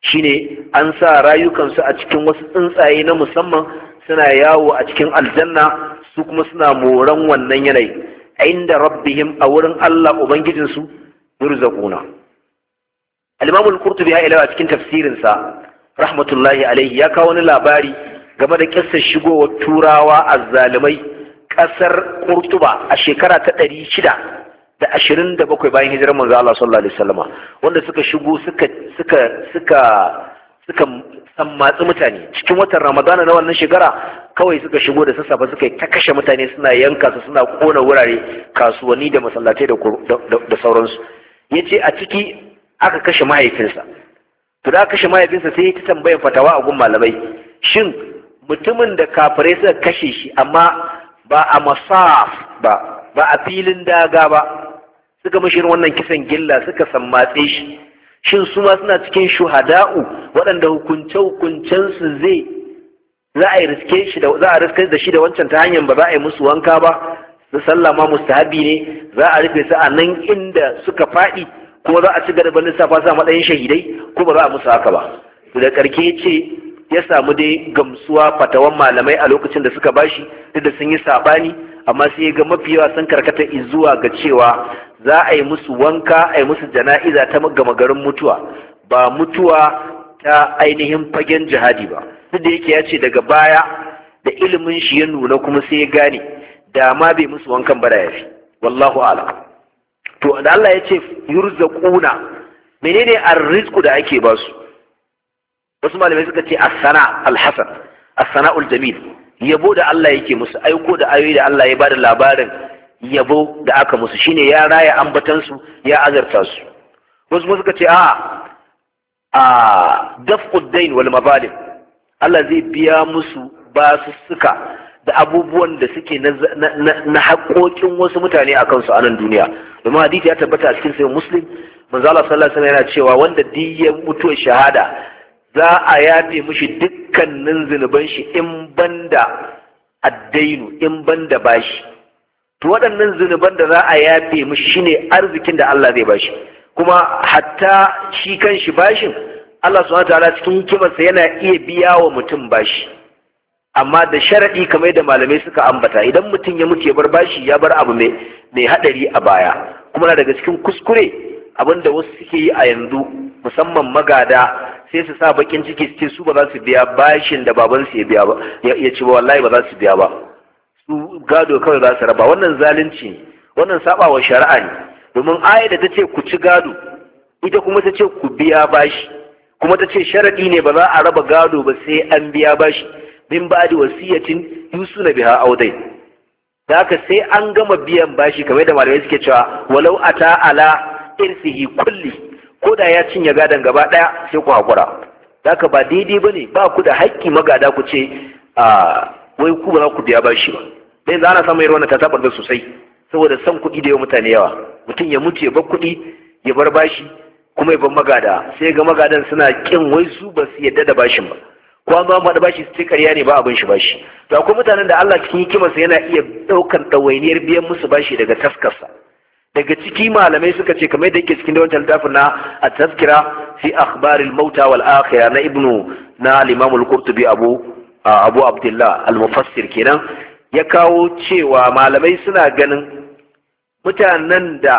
shine an sa rayukansu a cikin wasu tsuntsaye na musamman suna yawo a cikin aljanna su kuma suna moran wannan yanayi inda rabbihim a wurin Allah ubangijinsu yurzaquna al-imam al-qurtubi ya ilawa cikin tafsirinsa rahmatullahi alaihi ya kawo wani labari game da kissar shigowar turawa a azzalumai kasar Kurtuba a shekara ta ɗari shida da ashirin da bakwai bayan hijirar manzo Allah sallallahu alaihi wasallama wanda suka shigo suka suka suka mutane cikin watan Ramadana na wannan shekara kawai suka shigo da sassafe suka ta kashe mutane suna yanka su suna kona wurare kasuwanni da masallatai da sauransu ya ce a ciki aka kashe mahaifinsa to da kashe mahaifinsa sai ta tambayar fatawa a gun malamai shin mutumin da kafirai suka kashe shi amma ba a masaf ba ba a filin daga ba suka mashi wannan kisan gilla suka sammatse shi shin su ma suna cikin shuhada'u waɗanda hukunce hukuncensu zai za a riske shi da za a riske da shi da wancan ta hanyar ba za a yi musu wanka ba su sallama mustahabi ne za a rufe su a nan inda suka faɗi kuma za a ci gaba da lissafa su a shahidai ko ba za a musu haka ba da karke ce ya samu dai gamsuwa fatawan malamai a lokacin da suka bashi duk da sun yi saɓani amma sai ya ga mafi yawa sun karkata zuwa ga cewa za a yi musu wanka a yi musu jana'iza ta gama garin mutuwa ba mutuwa ta ainihin fagen jihadi ba duk da yake ya ce daga baya da ilimin shi ya nuna kuma sai ya gane da ma bai musu wankan ba da yafi wallahu ala to da Allah ya ce yurzaquna menene arrizqu da ake basu wasu malamai suka ce as-sana al-hasan jamil yabo da Allah yake musu aiko da ayoyi da Allah ya ba da labarin yabo da aka musu shine ya raya ambatan su ya azarta su wasu suka ce a a dafqu dain wal mazalim Allah zai biya musu suka da abubuwan da suke na haƙoƙin wasu mutane a kansu a nan duniya domin hadisi ya tabbata a cikin sayin muslim manzo Allah sallallahu alaihi wasallam yana cewa wanda duk ya mutu shahada za a yafe mishi dukkanin zunuban shi in banda addainu in banda bashi to waɗannan zunuban da za a yafe mishi shine arzikin da Allah zai bashi kuma hatta shi kanshi bashin Allah subhanahu wataala cikin hikimarsa yana iya biya wa mutum bashi amma da sharaɗi kamar da malamai suka ambata idan mutum ya mutu ya bar bashi ya bar abu mai haɗari a baya kuma na daga cikin kuskure abinda wasu suke yi a yanzu musamman magada sai su sa bakin ciki su ce su ba za su biya bashin da baban su ya biya ba ya ce wallahi ba za su biya ba su gado kawai za su raba wannan zalunci wannan saba wa shari'a ne domin ayar da ta ce ku ci gado ita kuma ta ce ku biya bashi kuma ta ce sharaɗi ne ba za a raba gado ba sai an biya bashi min ba da wasiyatin na biha audai da haka sai an gama biyan bashi kamar da malamai suke cewa walau ata ala irsihi kulli ko da ya cinye gadon gaba ɗaya sai ku haƙura ka ba daidai ba ne ba ku da haƙƙi magada ku ce a wai ku ba za ku biya bashi ba dai za ana samun irin wannan tasabar da sosai saboda son kuɗi da yawa mutane yawa mutum ya mutu ya bar kuɗi ya bar bashi kuma ya bar magada sai ga magadan suna kin wai su ba su yadda da bashin ba ko an ba da bashi sai ƙarya ne ba abin shi bashi to akwai mutanen da Allah cikin hikimarsa yana iya ɗaukar ɗawainiyar biyan musu bashi daga taskarsa daga ciki malamai suka ce kamar da yake cikin da wancan littafin na a taskira fi akhbaril mauta wal akhirah na ibnu na al-imam al-qurtubi abu abu abdullah al-mufassir kenan ya kawo cewa malamai suna ganin mutanen da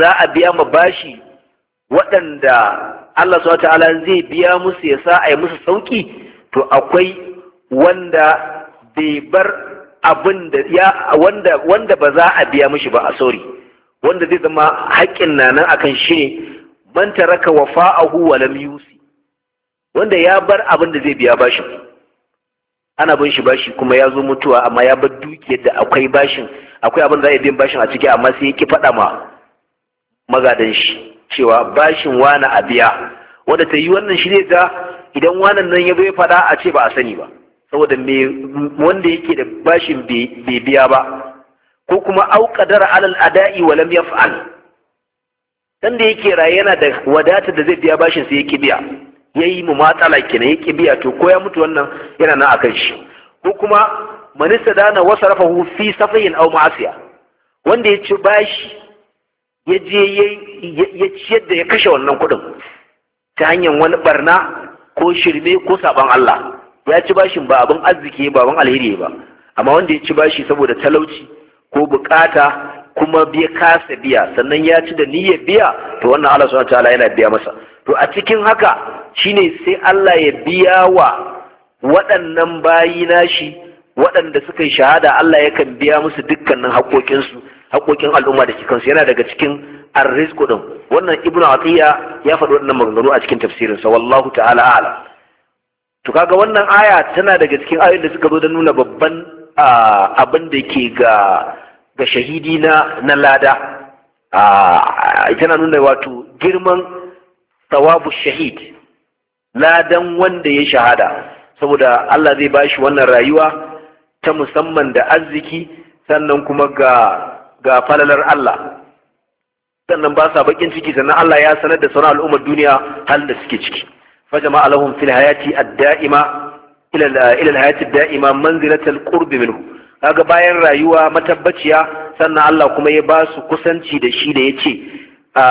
za a biya ma bashi waɗanda Allah subhanahu ta'ala zai biya musu ya sa a yi musu sauki to akwai wanda bai bar abin da ya wanda wanda ba za a biya mishi ba a sori wanda zai zama haƙƙin nanan akan shi ne man taraka wafa'ahu wa lam yusi wanda ya bar abin da zai biya bashin ana bin shi bashi kuma ya zo mutuwa amma ya bar dukiyar da akwai bashin akwai abin da za a biyan bashin a ciki amma sai ya faɗa ma magadan shi cewa bashin wani a biya wanda ta yi wannan shi ne ta idan wani nan ya zo ya faɗa a ce ba a sani ba saboda me wanda yake da bashin bai biya ba ko kuma au qadara alal ada'i wa lam yaf'al dan da yake raye yana da wadata da zai biya bashin sai yake biya yayi mu matsala kenan yake biya to ko ya mutu wannan yana nan akan shi ko kuma Manisa dana wasarafahu fi safihin aw ma'asiya wanda ya ci bashi ya je ya ciyar da ya kashe wannan kuɗin ta hanyar wani barna ko shirme ko saban Allah ya ci bashin ba abin arziki ba abin alheri ba amma wanda ya ci bashi saboda talauci ko bukata kuma biya kasa biya sannan ya ci da niyyar biya to wannan Allah subhanahu wataala yana biya masa to a cikin haka shine sai Allah ya biya wa waɗannan bayi nashi waɗanda suka shahada Allah yakan biya musu dukkanin haƙoƙinsu haƙoƙin al'umma da kansu yana daga cikin arrizqu din wannan ibnu atiya ya faɗi wannan maganganu a cikin tafsirinsa wallahu ta'ala a'lam to kaga wannan aya tana daga cikin ayoyin da suka zo da nuna babban abin da ke ga ga shahidi na lada tana nuna wato girman tsawabu shahid ladan wanda ya shahada saboda Allah zai bashi wannan rayuwa ta musamman da arziki sannan kuma ga falalar Allah sannan ba sa bakin ciki sannan Allah ya sanar da sauran al'ummar duniya halin da suke ciki فجمع لهم في da'ima, الدائمة إلى إلى الحياة الدائمة منزلة القرب منه kaga bayan rayuwa matabbaciya sannan Allah kuma ya ba su kusanci da shi da yace a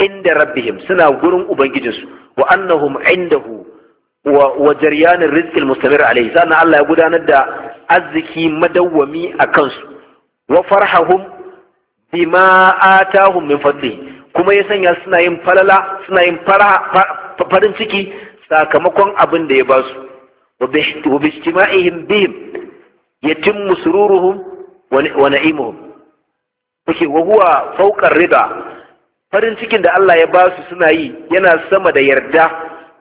inda rabbihim suna gurin ubangijinsu wa annahum indahu wa wa jaryanir rizqil mustamir sannan Allah ya gudanar da arziki madawwami a kansu wa farhahum bima atahum min fadlihi kuma ya sanya suna yin falala suna farin ciki sakamakon abin da ya ba su wa bi ijtima'ihim bihim yatimmu sururuhum wa na'imuhum kuke wa huwa fawqa rida farin cikin da Allah ya ba su suna yi yana sama da yarda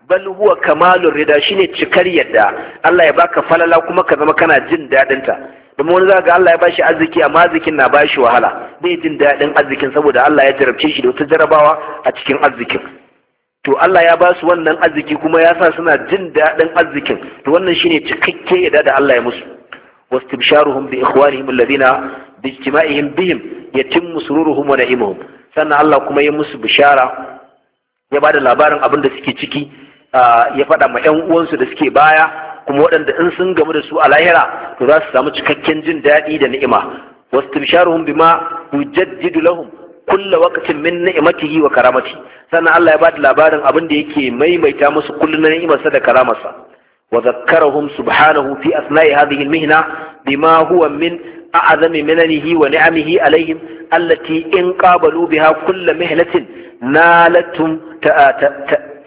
bal huwa kamalur rida shine cikar yarda Allah ya baka falala kuma ka zama kana jin daɗinta. ta domin wani zaka Allah ya bashi arziki amma arzikin na bashi wahala bai jin daɗin arzikin saboda Allah ya jarabce shi da wata jarabawa a cikin arzikin to Allah ya ba su wannan arziki kuma ya sa suna jin daɗin arzikin to wannan shine cikakke yadda da Allah ya musu wastibsharuhum bi ikhwanihim alladhina bi ijtima'ihim bihim yatimmu sururuhum wa na'imuhum sannan Allah kuma ya musu bishara ya bada labarin abin da suke ciki ya faɗa ma ƴan uwansu da suke baya kuma waɗanda in sun gamu da su a lahira to za su samu cikakken jin daɗi da ni'ima wastibsharuhum bima yujaddidu lahum kulla wakatin min yi wa karamati sannan Allah ya ba labarin abin da yake maimaita musu kullun ni'imarsa da karamarsa wa zakkarahum subhanahu fi asna'i hadhihi al-mihna bima huwa min a'zami minanihi wa ni'amihi alaihim allati in qabalu biha kulla mihlatin nalatum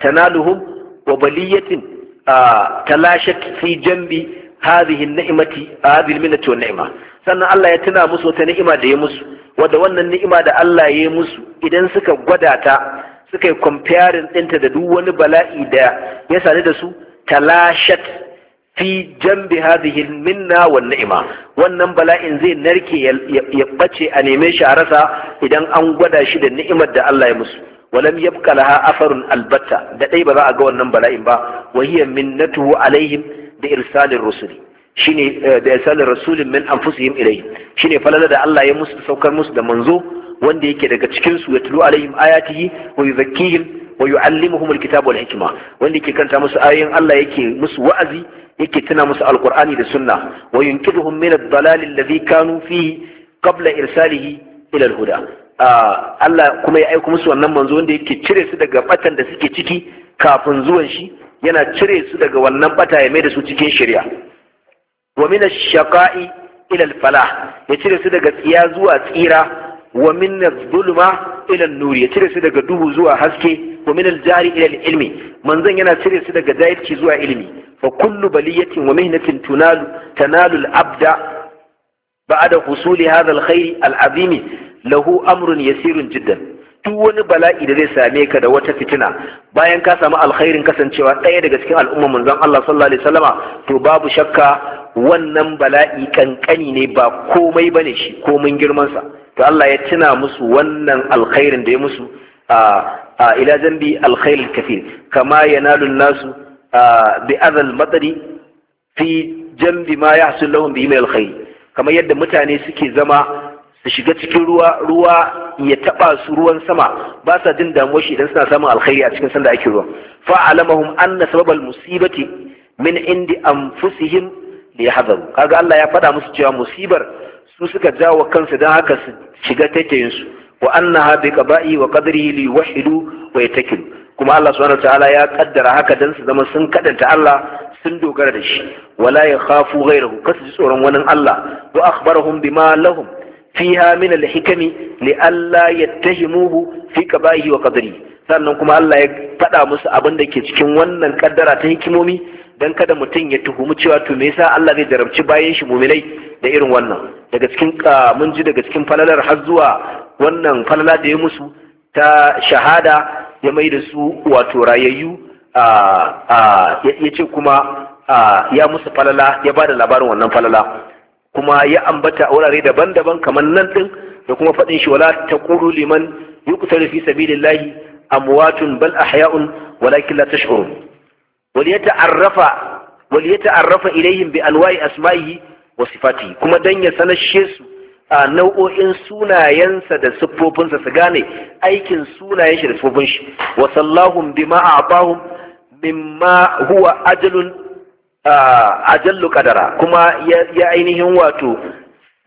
tanaluhum wa baliyatin talashat fi jambi hadhihi an-ni'mati hadhihi al-minnati wan ni'ma sannan Allah ya tuna musu wata ni'ima da ya musu wadda wannan ni'ima da Allah ya yi musu idan suka gwada ta suka yi comparing ɗinta da duk wani bala'i da ya sani da su talashat fi jambi hadhihi minna wa ni'ima wannan bala'in zai narke ya bace a neme shi a rasa idan an gwada shi da ni'imar da Allah ya musu walam yabqa laha afarun albatta da dai ba za a ga wannan bala'in ba wa hiya minnatuhu alaihim da irsalir rusuli shine eh, da yasalar rasulun min anfusihim ilayhi shine falala da Allah ya musu saukar musu da manzo wanda yake daga cikin su yatlu alaihim ayatihi wa yuzakkihim wa yuallimuhum alkitaba wal hikma wanda yake kanta musu ayoyin Allah yake musu wa'azi yake tuna musu alqur'ani da sunna wa yunkiduhum min ad-dalal alladhi kanu fihi qabla irsalihi ila al-huda ah, Allah kuma ya aika musu wannan manzo wanda yake cire su daga batan da suke ciki kafin zuwan shi yana cire su daga wannan bata ya mai da su cikin shari'a wa min ash-shaqa'i ila al-falah ya cire su daga tsiya zuwa tsira wa min adh-dhulma ila an-nur ya cire su daga duhu zuwa haske wa min al-jari ila al-ilmi manzon yana cire su daga jahilci zuwa ilimi fa kullu baliyatin wa mihnatin tunalu tanalu al-abda ba'da husuli hadha al-khayr al-azimi lahu amrun yasirun jiddan duk wani bala'i da zai same ka da wata fitina bayan ka samu alkhairin kasancewa ɗaya daga cikin al'umma manzon Allah sallallahu alaihi wasallama to babu shakka wannan bala'i kankani ne ba komai bane shi komin girman sa to Allah ya tuna musu wannan alkhairin da ya musu a ila zambi alkhairul kafir kama yanalu nasu bi azal matari fi jambi ma yahsul lahum bi min alkhair kamar yadda mutane suke zama su shiga cikin ruwa ruwa ya taba su ruwan sama ba sa jin damuwa shi idan suna samun alkhairi a cikin sanda ake ruwa fa alamahum anna sababal musibati min indi anfusihim li yahzaru kaga Allah ya faɗa musu cewa musibar su suka jawo kansu dan haka su shiga taitayin su wa annaha bi qada'i wa qadrihi li wahidu wa yatakilu kuma Allah subhanahu ya kaddara haka dan su zama sun kadanta Allah sun dogara da shi wala yakhafu ghayrahu kasu ji tsoron wani Allah wa akhbarahum bima lahum فيها من الحكم hikami li alla yattahimuhu fi qabahi wa sannan kuma Allah ya faɗa musu abin da ke cikin wannan kaddara ta hikimomi dan kada mutum ya tuhumi cewa to me yasa Allah zai jarabci bayan shi muminai da irin wannan daga cikin mun ji daga cikin falalar har zuwa wannan falala da ya musu ta shahada ya mai da su wato rayayyu ya ce kuma ya musu falala ya ba da labarin wannan falala kuma ya ambata a wurare daban-daban kamar nan ɗin da kuma faɗin shi wala taqulu liman yuqtalu fi sabilillahi amwatun bal ahya'un walakin la tash'urun wal ta'arrafa wal yata'arrafa ilaihim bi anwa'i asma'ihi wa Sifati kuma dan ya sanashe su a nau'o'in sunayensa da siffofinsa su gane aikin sunayen shi da siffofin shi wa sallahum bima a'tahum mimma huwa ajalun a jallu kadara kuma ya ainihin wato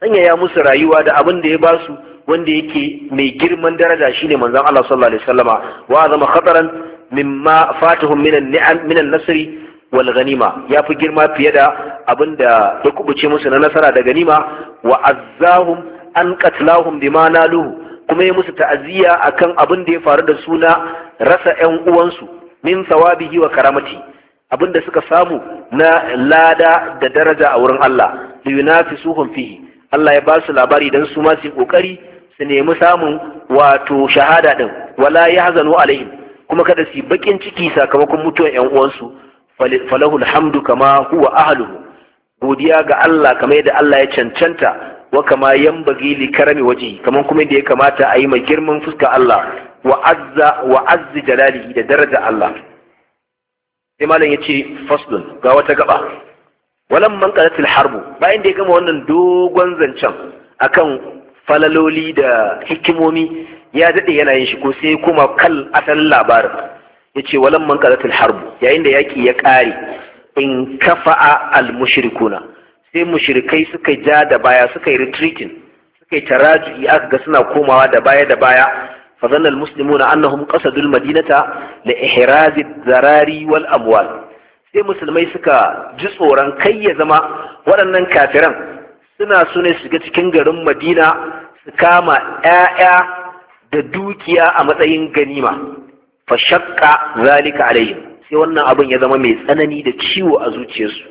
sanyaya musu rayuwa da abin da ya basu wanda yake mai girman daraja shine manzon Allah sallallahu alaihi wasallama wa azama khataran mimma fatahum minan ni'am wal ganima fi girma fiye da abin da ya kubuce musu na nasara da ganima wa azzahum an qatlahum bima kuma ya musu ta'aziyya akan abin da ya faru da suna rasa 'yan uwansu min thawabihi wa karamati abinda suka samu na lada da daraja a wurin Allah liyunafisuhum fihi Allah ya ba su labari dan su ma su kokari su nemi samun wato shahada din wala yahzanu alaihim kuma kada su bakin ciki sakamakon mutuwar yan uwansu falahu alhamdu kama huwa ahluhu godiya ga Allah kamar yadda Allah ya cancanta wa kama yambagi li karami waje kamar kuma yadda ya kamata a yi ma girman fuska Allah wa azza wa jalalihi da daraja Allah sai malam ya ce Fasdun, ga wata gaba walan man qalatil harbu bayan da ya gama wannan dogon zancen akan falaloli da hikimomi ya dade yana yin shi ko sai ya koma kal asalin labarin ya ce walan man qalatil harbu yayin da yaki ya kare in kafa'a al mushrikuna sai mushrikai suka ja da baya suka yi retreating suka yi taraji aka ga suna komawa da baya da baya na فظن المسلمون أنهم قصدوا المدينة لإحراز الزراري والأموال sai musulmai suka ji tsoron kai ya zama waɗannan kafiran suna so shiga cikin garin madina su kama 'ya'ya da dukiya a matsayin ganima fa shakka zalika alaihim sai wannan abin ya zama mai tsanani da ciwo a zuciyarsu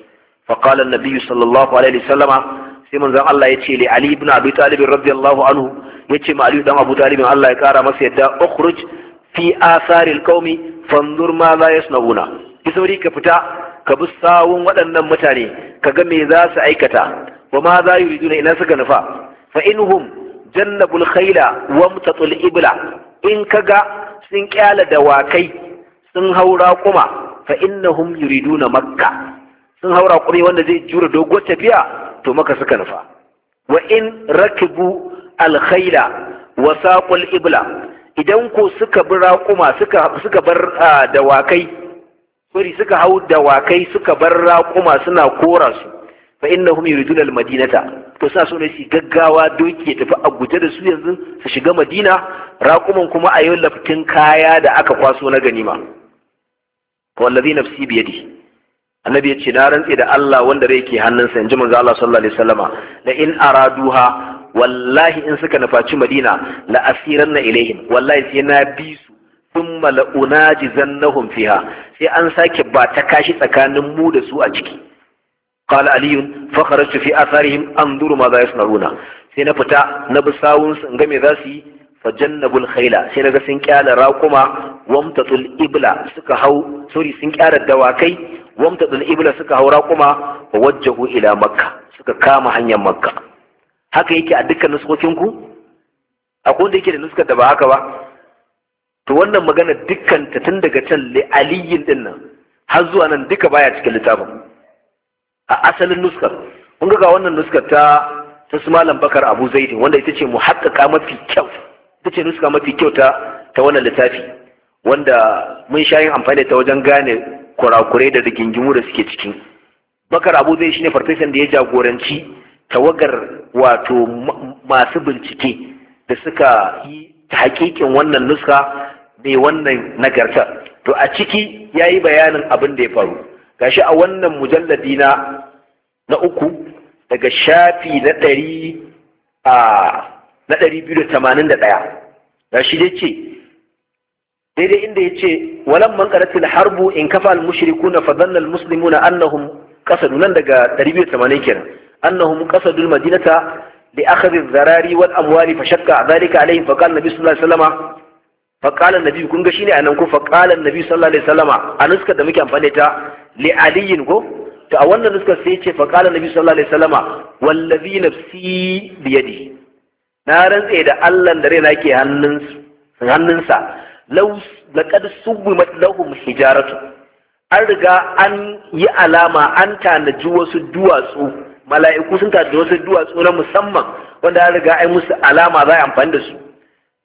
fa qala sallallahu alaihi wasallama sai manzon Allah ya ce li ali ibn abi talib radiyallahu anhu yace ma aliyu dan abu talibin Allah ya kara masa yadda ukhruj fi asaril qaumi fanzur ma la yasnauna ki ka fita ka bi sawun waɗannan mutane ka ga me za su aikata wa ma za yuriduna ina suka nufa fa inhum jannabul khaila wa mutatul ibla in kaga sun kyala dawakai sun haura kuma fa innahum yuriduna makka sun haura kuma wanda zai jura doguwar tafiya to maka suka nufa wa in rakibu alkhaila wa saqul ibla idan ko suka bi raƙuma suka bar dawakai sori suka hau dawakai suka bar raƙuma suna kora su fa innahum yuridun almadinata to sa so ne su gaggawa doki ya tafi a guje da su yanzu su shiga madina raƙuman kuma a yau laftin kaya da aka kwaso na ganima wallazi nafsi biyadi annabi ya ce na rantse da Allah wanda rai ke hannunsa inji manzo Allah sallallahu alaihi wasallama la in araduha wallahi in suka nufaci madina la na ilaihim wallahi sai na bi su thumma la unajizannahum fiha sai an sake ba ta kashi tsakanin mu da su a ciki qala aliyun fa kharajtu fi atharihim anzuru ma za yasnaruna sai na fita na bi sawun su in ga me za su yi fa jannabul Sai sai ga sun kyala raquma wamtatul ibla suka hau sorry sun kyala dawakai wamtatul ibla suka hau raquma wa wajjahu ila makka suka kama hanyar makka haka yake a dukkan nuskokinku? ku akwai wanda yake da nuskar da ba haka ba to wannan magana dukkan ta tun daga can aliyin din nan har zuwa nan duka baya cikin littafin a asalin nuskar kun ga wannan nuskar ta ta su bakar abu wanda ita ce muhakkaka mafi kyau ita ce nuska mafi kyau ta ta wannan littafi wanda mun sha yin amfani da ta wajen gane kurakurai da rigingimu da suke cikin bakar abu zai shine farfesan da ya jagoranci tawagar wato masu bincike da suka yi ta hakikin wannan nuska mai wannan nagarta to a ciki ya yi bayanin abin da ya faru gashi a wannan mujalladi na na uku daga shafi na ɗari a na ɗari biyu da tamanin da ɗaya gashi dai ce daidai inda ya ce walan man karatul harbu in kafa al mushriku na dhanna al muslimuna annahum qasadu nan daga 280 kenan أنهم قصدوا المدينة لأخذ الذراري والأموال فشك ذلك عليهم فقال النبي صلى الله عليه وسلم فقال النبي كن شيني أنهم كن فقال النبي صلى الله عليه وسلم أنسك دمك أنفانيتا لعلي كو تأولنا نسك سيتي فقال النبي صلى الله عليه وسلم والذي نفسي بيدي نارن إيدا الله درينا كي هننس هننسا لو لقد سومت لهم حجارته an riga an yi alama an tanaji wasu duwatsu mala'iku sun tafi wasu duwatsu na musamman wanda ya riga ai musu alama za a amfani da su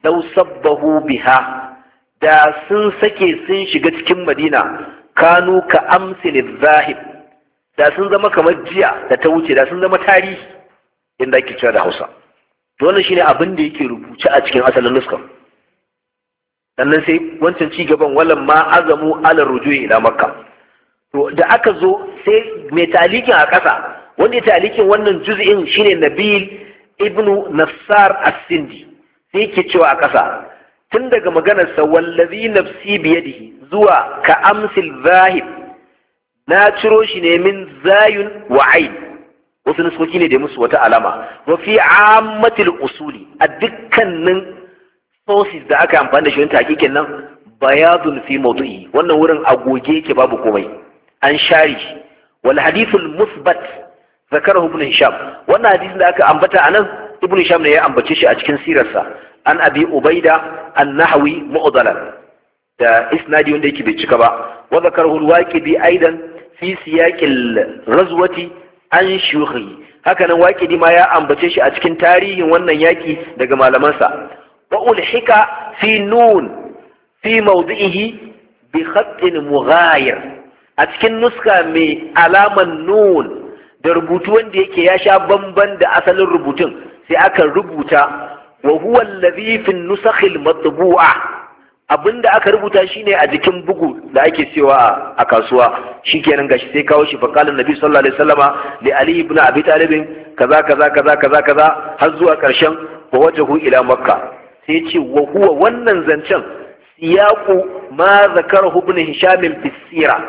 Dau sabbahu biha da sun sake sun shiga cikin madina kanu ka amsin zahib da sun zama kamar jiya da ta wuce da sun zama tarihi inda ake cewa da hausa to wannan shine abin da yake rubuce a cikin asalin nuskan sannan sai wancan ci gaban wallan ma azamu ala rujui ila makka to da aka zo sai mai talikin a ƙasa wanda ya talikin wannan juz'in shine nabil ibnu nassar as-sindi sai yake cewa a ƙasa tun daga maganarsa wallazi nafsi biyadihi zuwa ka amsil zahib na ciro shi ne min zayun wa ain wasu nuskoki ne da musu wata alama wa fi ammatil usuli a dukkanin sources da aka amfani da shi wani hakikin nan bayadun fi mawdu'i wannan wurin agoge yake babu komai an share shi wal hadithul musbat zakarahu ibn hisham wannan hadisin da aka ambata anan ibn hisham ne ya ambace shi a cikin sirarsa an abi ubaida an-nahwi mu'dalan da isnadi wanda yake bai cika ba wa zakarahu al aidan fi siyaqil razwati an shughi hakanan waqidi ma ya ambace shi a cikin tarihin wannan yaki daga malamansa wa ulhika fi nun fi mawdihi bi khatin mughayir a cikin nuska mai alaman nun da rubutu wanda yake ya sha bamban da asalin rubutun sai aka rubuta wa huwa allazi nusakhil matbu'a abinda aka rubuta shine a jikin bugu da ake cewa a kasuwa shikenan gashi sai kawo shi faqalan nabi sallallahu alaihi wasallama li ali ibn abi talib kaza kaza kaza kaza kaza har zuwa karshen wa wajahu ila makka sai ce wa huwa wannan zancen siyaqu ma zakarahu ibn hisham fi sirah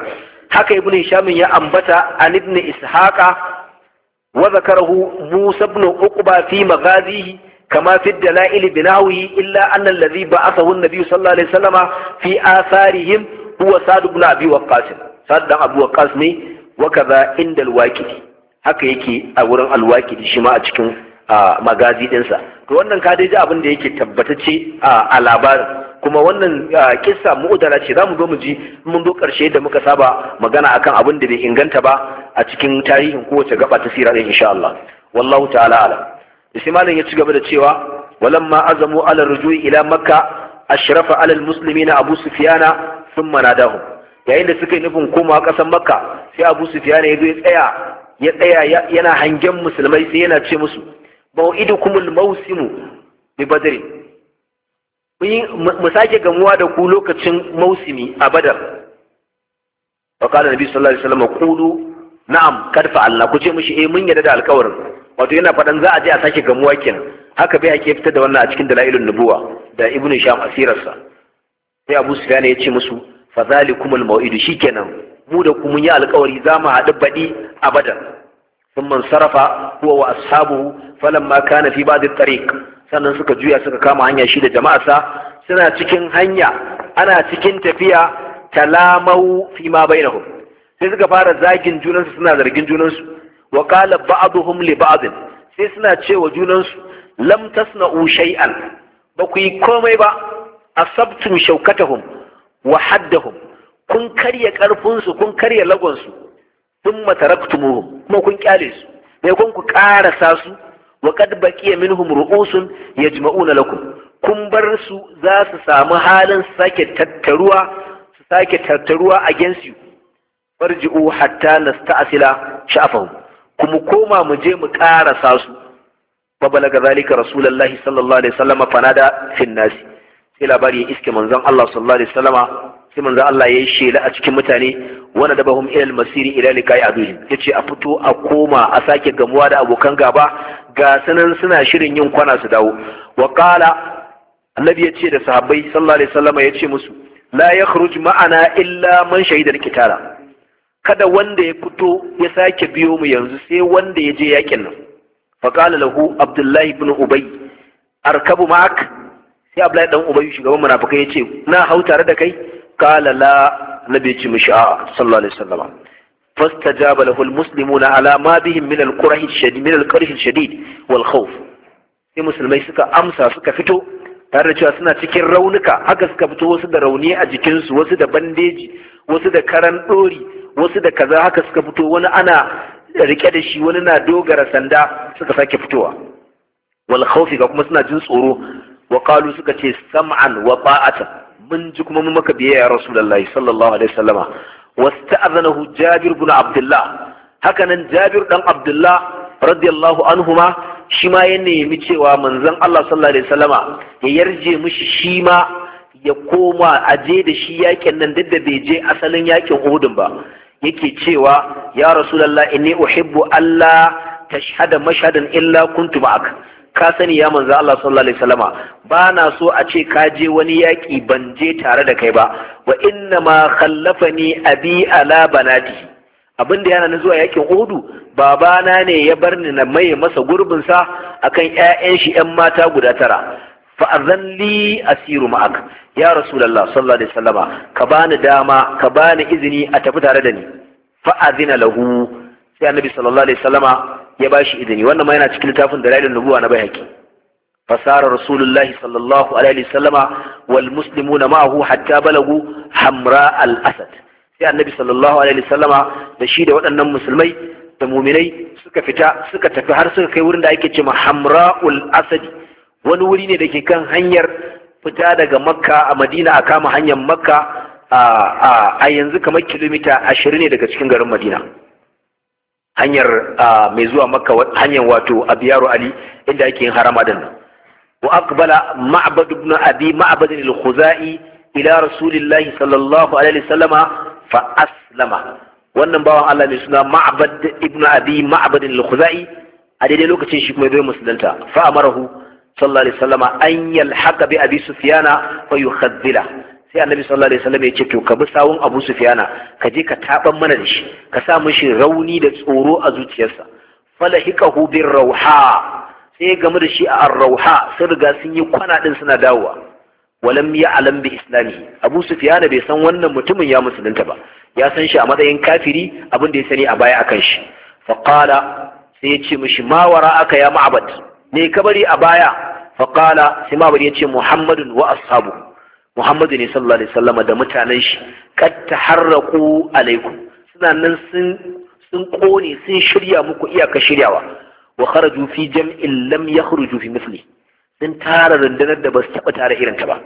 haka ibn hisham ya ambata an ibn ishaqa wa zakarahu musa ibn uqba fi maghazihi كما في الدلائل بنحوه إلا أن الذي بعثه النبي Nabi الله عليه وسلم في آثارهم هو سعد بن أبي وقاص سعد بن أبي وقاص ne وكذا inda الواكدي haka yake a wurin alwakidi shi ma a cikin ah, magazi ɗinsa to wannan ka dai ji abin da yake tabbatacce a labarin kuma wannan kissa muudara ce za mu zo mu ji mun zo karshe da muka saba magana akan abin da bai inganta ba a cikin tarihin kowace gaba ta sirar insha Allah wallahu ta'ala ala sai ya ci gaba da cewa walamma azamu ala rujui ila makka ashrafa ala almuslimina abu sufyana thumma nadahu yayin da suka yi nufin komawa kasan makka sai abu sufyana ya zo ya tsaya ya tsaya yana hangen musulmai sai yana ce musu mau'idukumul mausimu bi badri mu sake gamuwa da ku lokacin mausimi a badar wa qala nabi sallallahu alaihi wasallam qulu na'am kad fa'alna ku ce mishi eh mun yarda da alkawarin wato yana fadan za a je a sake gamuwa kenan haka bai ake fitar da wannan a cikin dalailun nubuwa da ibnu sham asirarsa sai abu sufyan ya ce musu fa zalikumul mau'idu shikenan mu da ku mun yi alƙawari za mu haɗu baɗi a badar ثم انصرف هو واصحابه فلما كان في بعض الطريق sannan suka juya suka kama hanya shi da jama'arsa suna cikin hanya ana cikin tafiya talamau fi ma bainahum sai suka fara zagin junansu suna zargin junansu wa qala ba'dhum li ba'd sai suna cewa junansu lam tasna'u shay'an ba ku yi komai ba asabtum shawkatahum wa haddahum kun karya karfin kun karya lagonsu. sun mataraktumuhum kuma kun kyale su bai kun ku karasa su wa kad baqiya minhum ru'usun yajma'una lakum kun bar su za su samu halin sake tattaruwa su sake tattaruwa against you farji'u hatta nasta'sila sha'afahum kuma koma mu je mu karasa su fa balaga zalika rasulullahi sallallahu alaihi wasallam fanada fin nasi sai labari ya iske manzon Allah sallallahu alaihi wasallama sai manzo Allah ya yi shela a cikin mutane wanda da bahum ilal masiri ila liqa'i aduhum yace a fito a koma a sake gamuwa da abokan gaba ga sanan suna shirin yin kwana su dawo wa qala annabi yace da sahabbai sallallahu alaihi wasallam yace musu la yakhruj ma'ana illa man shahidal kitala kada wanda ya fito ya sake biyo mu yanzu sai wanda ya je yakin nan fa qala lahu abdullahi ibn ubay arkabu ma'ak sai abdullahi dan ubay shugaban munafikai yace na hau tare da kai qala la nabi ci mishi a sallallahu alaihi wasallam fastajaba lahu almuslimuna ala ma bihim min alqurhi shadid min wal khawf sai musulmai suka amsa suka fito tare da cewa suna cikin raunuka haka suka fito wasu da rauni a jikinsu wasu da bandeji wasu da karan dori wasu da kaza haka suka fito wani ana rike da shi wani na dogara sanda suka sake fitowa wal khawfi ga kuma suna jin tsoro wa qalu suka ce sam'an wa ta'atan mun ji kuma mun maka biyayya ya rasulullahi sallallahu alaihi wasallama wasta'adhanahu jabir ibn abdullah hakanan jabir dan abdullah radiyallahu anhuma shi ma ya nemi cewa manzon Allah sallallahu alaihi wasallama ya yarje mishi shi ma ya koma aje da shi yakin nan duk da bai je asalin yakin Uhud ba yake cewa ya rasulullah inni uhibbu alla tashhada mashhadan illa kuntu ma'aka ka sani ya manzo Allah sallallahu alaihi wasallama ba na so a ce ka je wani yaƙi ban je tare da kai ba wa inna ma khallafani abi ala banati abin da yana na zuwa yakin Uhudu babana ne ya bar ni na mai masa gurbin sa akan ƴaƴan shi ƴan mata guda tara fa azalli asiru ma'ak ya rasulullah sallallahu alaihi wasallama ka bani dama ka bani izini a tafi tare da ni fa azina lahu sai annabi sallallahu alaihi wasallama ya shi izini wannan ma yana cikin littafin dalailun nubuwa na bayhaqi fasara rasulullahi sallallahu alaihi wasallama wal muslimuna ma'ahu hatta balagu hamra al asad sai annabi sallallahu alaihi wasallama da shi da waɗannan musulmai da muminai suka fita suka tafi har suka kai wurin da ake cewa ul asadi wani wuri ne da ke kan hanyar fita daga makka a madina a kama hanyar makka a yanzu kamar kilomita ashirin ne daga cikin garin madina hanyar mai zuwa makka hanyar wato abiyaru ali inda ake yin harama din nan wa aqbala ma'bad ibn abi ma'bad al-khuzai ila rasulillah sallallahu alaihi wasallama fa aslama wannan bawan Allah mai suna ma'bad ibn abi ma'bad al-khuzai a daidai lokacin shi kuma ya zo musulunta fa amarahu sallallahu alaihi wasallama an yalhaqa bi abi sufyana fa yukhadhila sai annabi sallallahu alaihi wasallam ya ce to ka bi sawun Abu Sufyana ka je ka taban mana da shi ka sa mishi rauni da tsoro a zuciyarsa falahikahu bir rauha sai game da shi a ar-rauha sun riga sun yi kwana din suna dawowa walam ya alam bi islami Abu Sufyana bai san wannan mutumin ya musulunta ba ya san shi a matsayin kafiri abin da ya sani a baya akan shi fa qala sai ya ce mishi ma wara aka ya ma'bad ne kabari a baya fa qala sai bari ya ce muhammadun wa ashabu muhammadu ne sallallahu alaihi da mutanen shi kad harrako alaikum suna nan sun sun kone sun shirya muku iyaka shiryawa wa kharaju fi jam'in lam yakhruju fi mithli sun tara rundunar da ba su taba tara irin ta ba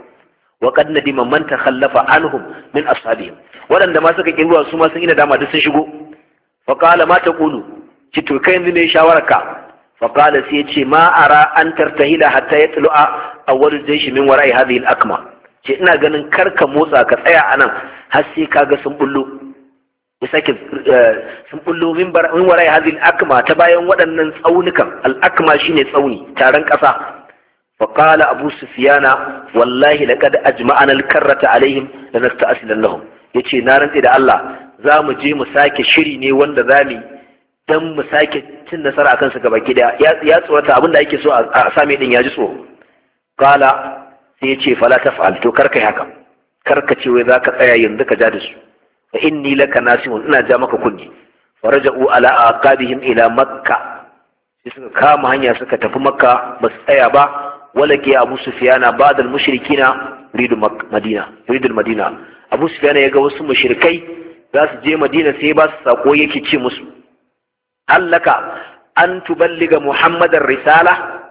wa qad nadima man takhallafa anhum min ashabihim wadanda ma suka kirwa su ma sun yi dama duk sun shigo fa qala ma taqulu ki to kai ne shawararka fa qala sai ya ce ma ara an tartahila hatta yatlu'a awwal jaysh min wara'i hadhihi al-akma ce ina ganin karka motsa ka tsaya a nan har sai kaga sun bullo ya eh, sun bullo min warai hazil akma ta bayan waɗannan tsaunukan al'akma shine tsauni taron ƙasa فقال أبو سفيان wallahi da أجمعنا a عليهم لنستأصل alaihim yace na rantse da Allah za mu je mu sake shiri ne wanda za mu dan mu sake cin nasara a kansu gaba gida ya tsorata abin da ake so a sami din ya ji tsoro ƙala sai ya ce fala taf'al to karka haka karka ce wai zaka tsaya yanzu ka ja da su fa inni laka nasihun ina ja maka kunni faraja'u ala aqabihim ila makka sai suka kama hanya suka tafi makka ba su tsaya ba wala ke abu sufiyana Ba'dal, mushrikina ridu madina ridu madina abu sufiyana ya ga wasu mushrikai za su je madina sai ba su sako yake ce musu allaka an tuballiga muhammadar risala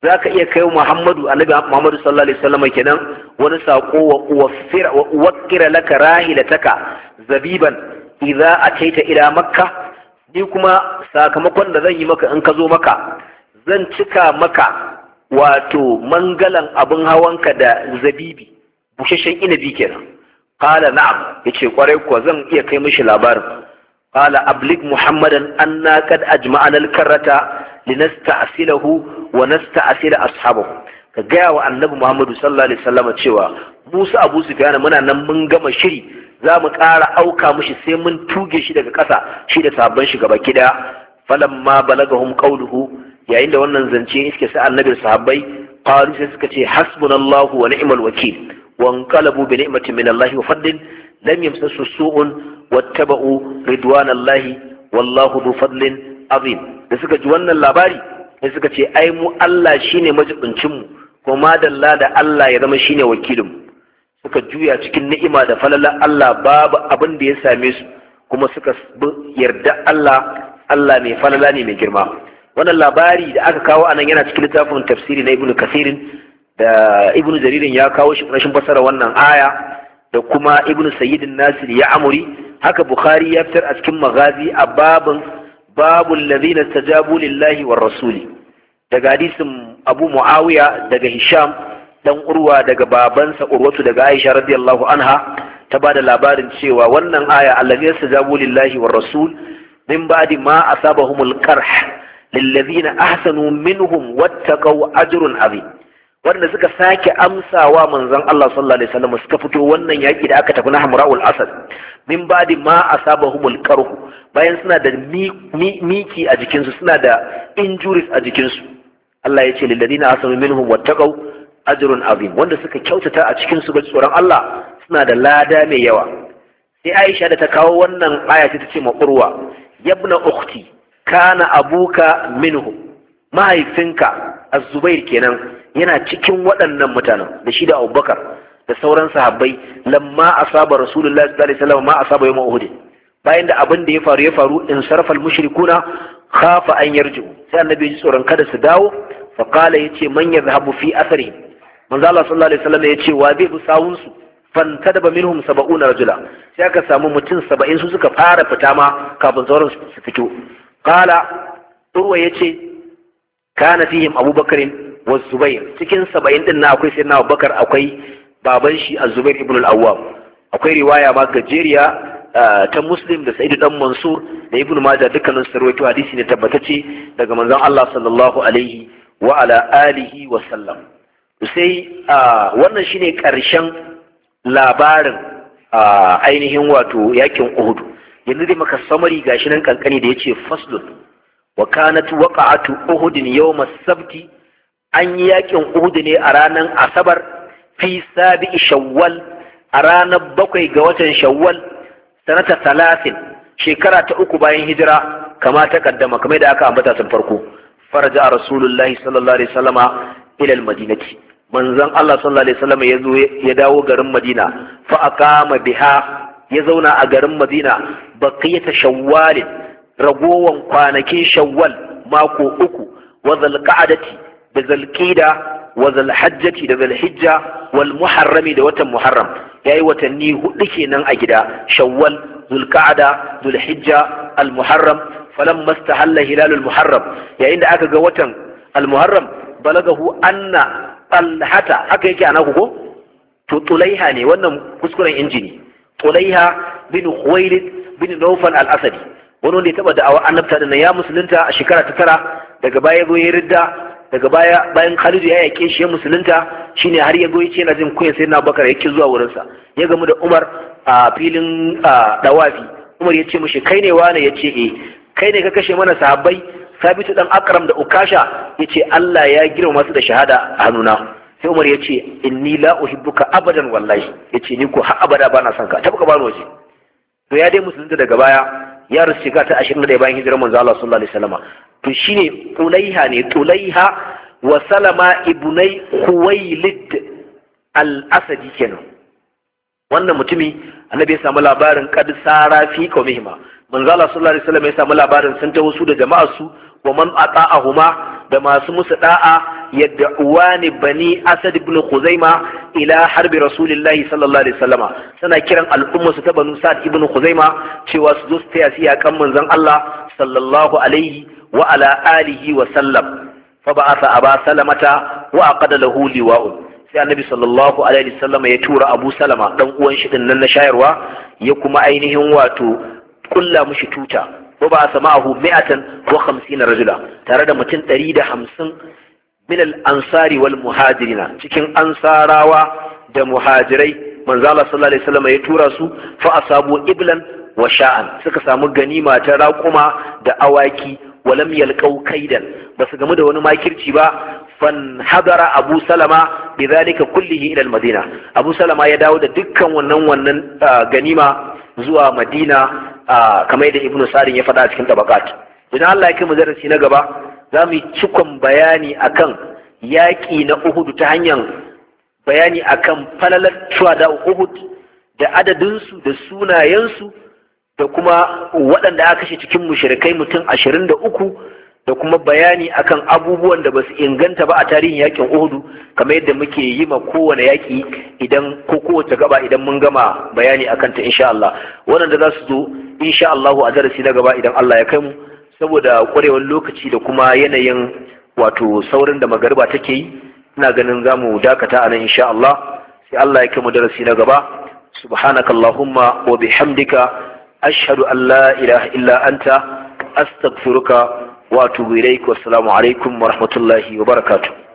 za ka iya kai muhammadu annabi muhammadu sallallahu alaihi wasallam kenan wani sako wa uwaffira wa laka rahilataka zabiban idza ataita ila makka ni kuma sakamakon da zan yi maka in ka zo maka zan cika maka wato mangalan abin hawanka da zabibi bushashen inabi kenan qala na'am yace kwarai kuwa zan iya kai mishi labarin qala ablig muhammadan anna kad ajma'ana al-karrata linasta'silahu wa nasta'sir ashabahu ka gaya wa annabi Muhammadu sallallahu alaihi wasallam cewa Musa Abu Sufyan muna nan mun gama shiri za mu ƙara auka mushi sai mun tuge shi daga ƙasa shi da sabon shi gaba kida falamma balagahum qawluhu yayin da wannan zance iske sai annabi sahabbai qalu sai suka ce hasbunallahu wa ni'mal wakil wa anqalabu bi ni'matin min Allah wa fadlin lam yamsasu su'un wattaba'u ridwanallahi wallahu dhu fadlin azim da suka ji wannan labari sai suka ce ai mu Allah shine majibincin mu kuma madalla da Allah ya zama shine wakilin mu suka juya cikin ni'ima da falala Allah babu abin da ya same su kuma suka yarda Allah Allah mai falala ne mai girma wannan labari da aka kawo anan yana cikin littafin tafsiri na Ibn Kasirin da Ibn Jaririn ya kawo shi rashin fasara wannan aya da kuma Ibn Sayyidin Nasir ya amuri haka Bukhari ya fitar a cikin magazi a babin babu allazina tajabu lillahi war rasuli daga hadisin Abu Muawiya daga Hisham dan Urwa daga babansa Urwatu daga Aisha radiyallahu anha ta bada labarin cewa wannan aya allazina tajabu lillahi war rasul min ba'di ma asabahumul karh lillazina ahsanu minhum wattaqaw ajrun azim wanda suka sake amsawa manzon Allah sallallahu alaihi wasallam suka fito wannan yaki da aka tafi na Hamra'ul Asad min ba'di ma asabahumul qarh bayan suna da miki a jikin su suna da injuries a jikin su Allah ya ce lil ladina asanu minhum wattaqu ajrun azim wanda suka kyautata a cikin su ga tsoron Allah suna da lada mai yawa sai Aisha da ta kawo wannan aya ta ce ma Urwa yabna ukhti kana abuka minhum mahaifinka az-Zubair kenan yana cikin waɗannan mutanen da shi da abubakar da sauran sahabbai lamma asaba rasulullahi sallallahu alaihi wasallam ma asaba yawm uhud bayan da abin da ya faru ya faru in sarfar mushrikuna khafa an yarju sai annabi ya ji tsoron kada su dawo fa qala yace man yadhhabu fi athari manzo Allah sallallahu alaihi wasallam yace wa zai bi sawun su fantadaba minhum sab'una rajula sai aka samu mutum 70 su suka fara fita ma kafin sauran su fito qala urwa yace kana fihim abubakarin wa zubair cikin saba'in din na akwai sayyidina abubakar akwai baban shi a zubair ibn al-awwam akwai riwaya ma gajeriya uh, ta muslim da sa'idu dan mansur da ibn majah dukkanin su rawaito hadisi ne tabbatacce daga manzon Allah sallallahu alaihi wa ala alihi wa sallam sai uh, wannan shine karshen labarin uh, ainihin wato yakin Uhud yanzu dai maka samari gashi nan kankani da yace faslun wa kanat waqa'atu Uhud yawm as-sabti an yi yakin uhudu ne a ranar asabar fi sabi shawwal a ranar bakwai ga watan shawwal sanata talatin shekara ta uku bayan hijira kama ta kaddama kamar da aka ambata sun farko faraja rasulullahi sallallahu alaihi wasallama ila almadinati manzon Allah sallallahu alaihi wasallama ya ya dawo garin Madina fa aqama biha ya zauna a garin Madina baqiyata shawwal ragowan kwanakin shawwal mako uku wa zalqa'adati da zalkida wa zalhajjati da zalhijja wal muharrami da watan muharram yayi watanni hudu kenan a gida shawwal zulqa'ada zulhijja al muharram falamma istahalla hilal al muharram yayin da aka ga watan al muharram balagahu anna talhata haka yake ana ko to tulaiha ne wannan kuskuren injini tulaiha bin khuwailid bin nawfal al asadi wani wanda ya taba da'awa annabta da ya musulunta a shekara ta tara daga baya zo ya ridda daga baya bayan Khalid ya yake shi musulunta shine har ya goyi ce yana jin kunya sai na Bakar yake zuwa wurinsa. ya gamu da Umar a filin dawafi Umar ya ce mishi kai ne wani ya ce eh kai ne ka kashe mana sahabbai Sabitu dan Akram da Ukasha Ya ce Allah ya girma masu da shahada a hannuna sai Umar ya ce inni la uhibbuka abadan wallahi Ya ce ni ko har abada bana son ka tabbaka bani waje to ya dai musulunta daga baya ya rasu shekara ta ashirin da bayan hijirar manzo Allah sallallahu alaihi wasallam to shine Tulaiha ne Tulaiha wa Salama ibnai Khuwailid al-Asadi kenan wannan mutumi annabi ya samu labarin kad sarafi fi qawmihima manzo Allah sallallahu alaihi wasallam ya samu labarin sun ta wasu da jama'ar su wa man huma da masu musu da'a yadda uwani bani asad ibn khuzaima ila harbi rasulillahi sallallahu alaihi wasallama suna kiran al'umma su ta banu sa'ad ibn khuzaima cewa su zo su taya su yakan manzon Allah sallallahu alaihi wa ala alihi wa sallam fa ba'atha aba salamata wa aqada lahu liwa'un sai annabi sallallahu alaihi wasallama ya tura abu salama dan uwan shi din nan na shayarwa ya kuma ainihin wato kulla mushi tuta wa ba sama'ahu mi'atan wa khamsina rajula tare da mutum ɗari da hamsin min al-ansari wal muhajirina cikin ansarawa da muhajirai manzo sallallahu alaihi wasallam ya tura su fa asabu iblan wa sha'an suka samu ganima ta raƙuma da awaki walam yalqau kaidan basu gamu da wani makirci ba fan hadara abu salama bi zalika kullihi ila abu salama ya dawo da dukkan wannan wannan ah, ganima zuwa madina kamar yadda ibnu sarin ya faɗa a cikin tabakat idan Allah ya kai mu darasi na gaba za mu yi cikon bayani akan yaƙi na Uhud ta hanyar bayani akan falalar da Uhud da adadinsu da sunayensu da kuma waɗanda aka shi cikin mushirikai mutum ashirin da uku da kuma bayani akan abubuwan da basu inganta ba a tarihin yakin uhudu kamar yadda muke yi ma kowane yaki idan ko kowace gaba idan mun gama bayani akan ta insha Allah waɗanda za su zo insha Allah a darasi na gaba idan Allah ya kai mu saboda ƙwarewar lokaci da kuma yanayin wato saurin da magariba take yi ina ganin za mu dakata a nan insha Allah sai Allah ya kai mu darasi na gaba subhanakallahumma wa bihamdika ashhadu an la ilaha illa anta astaghfiruka wa atubu ku wassalamu alaikum wa rahmatullahi wa barakatuh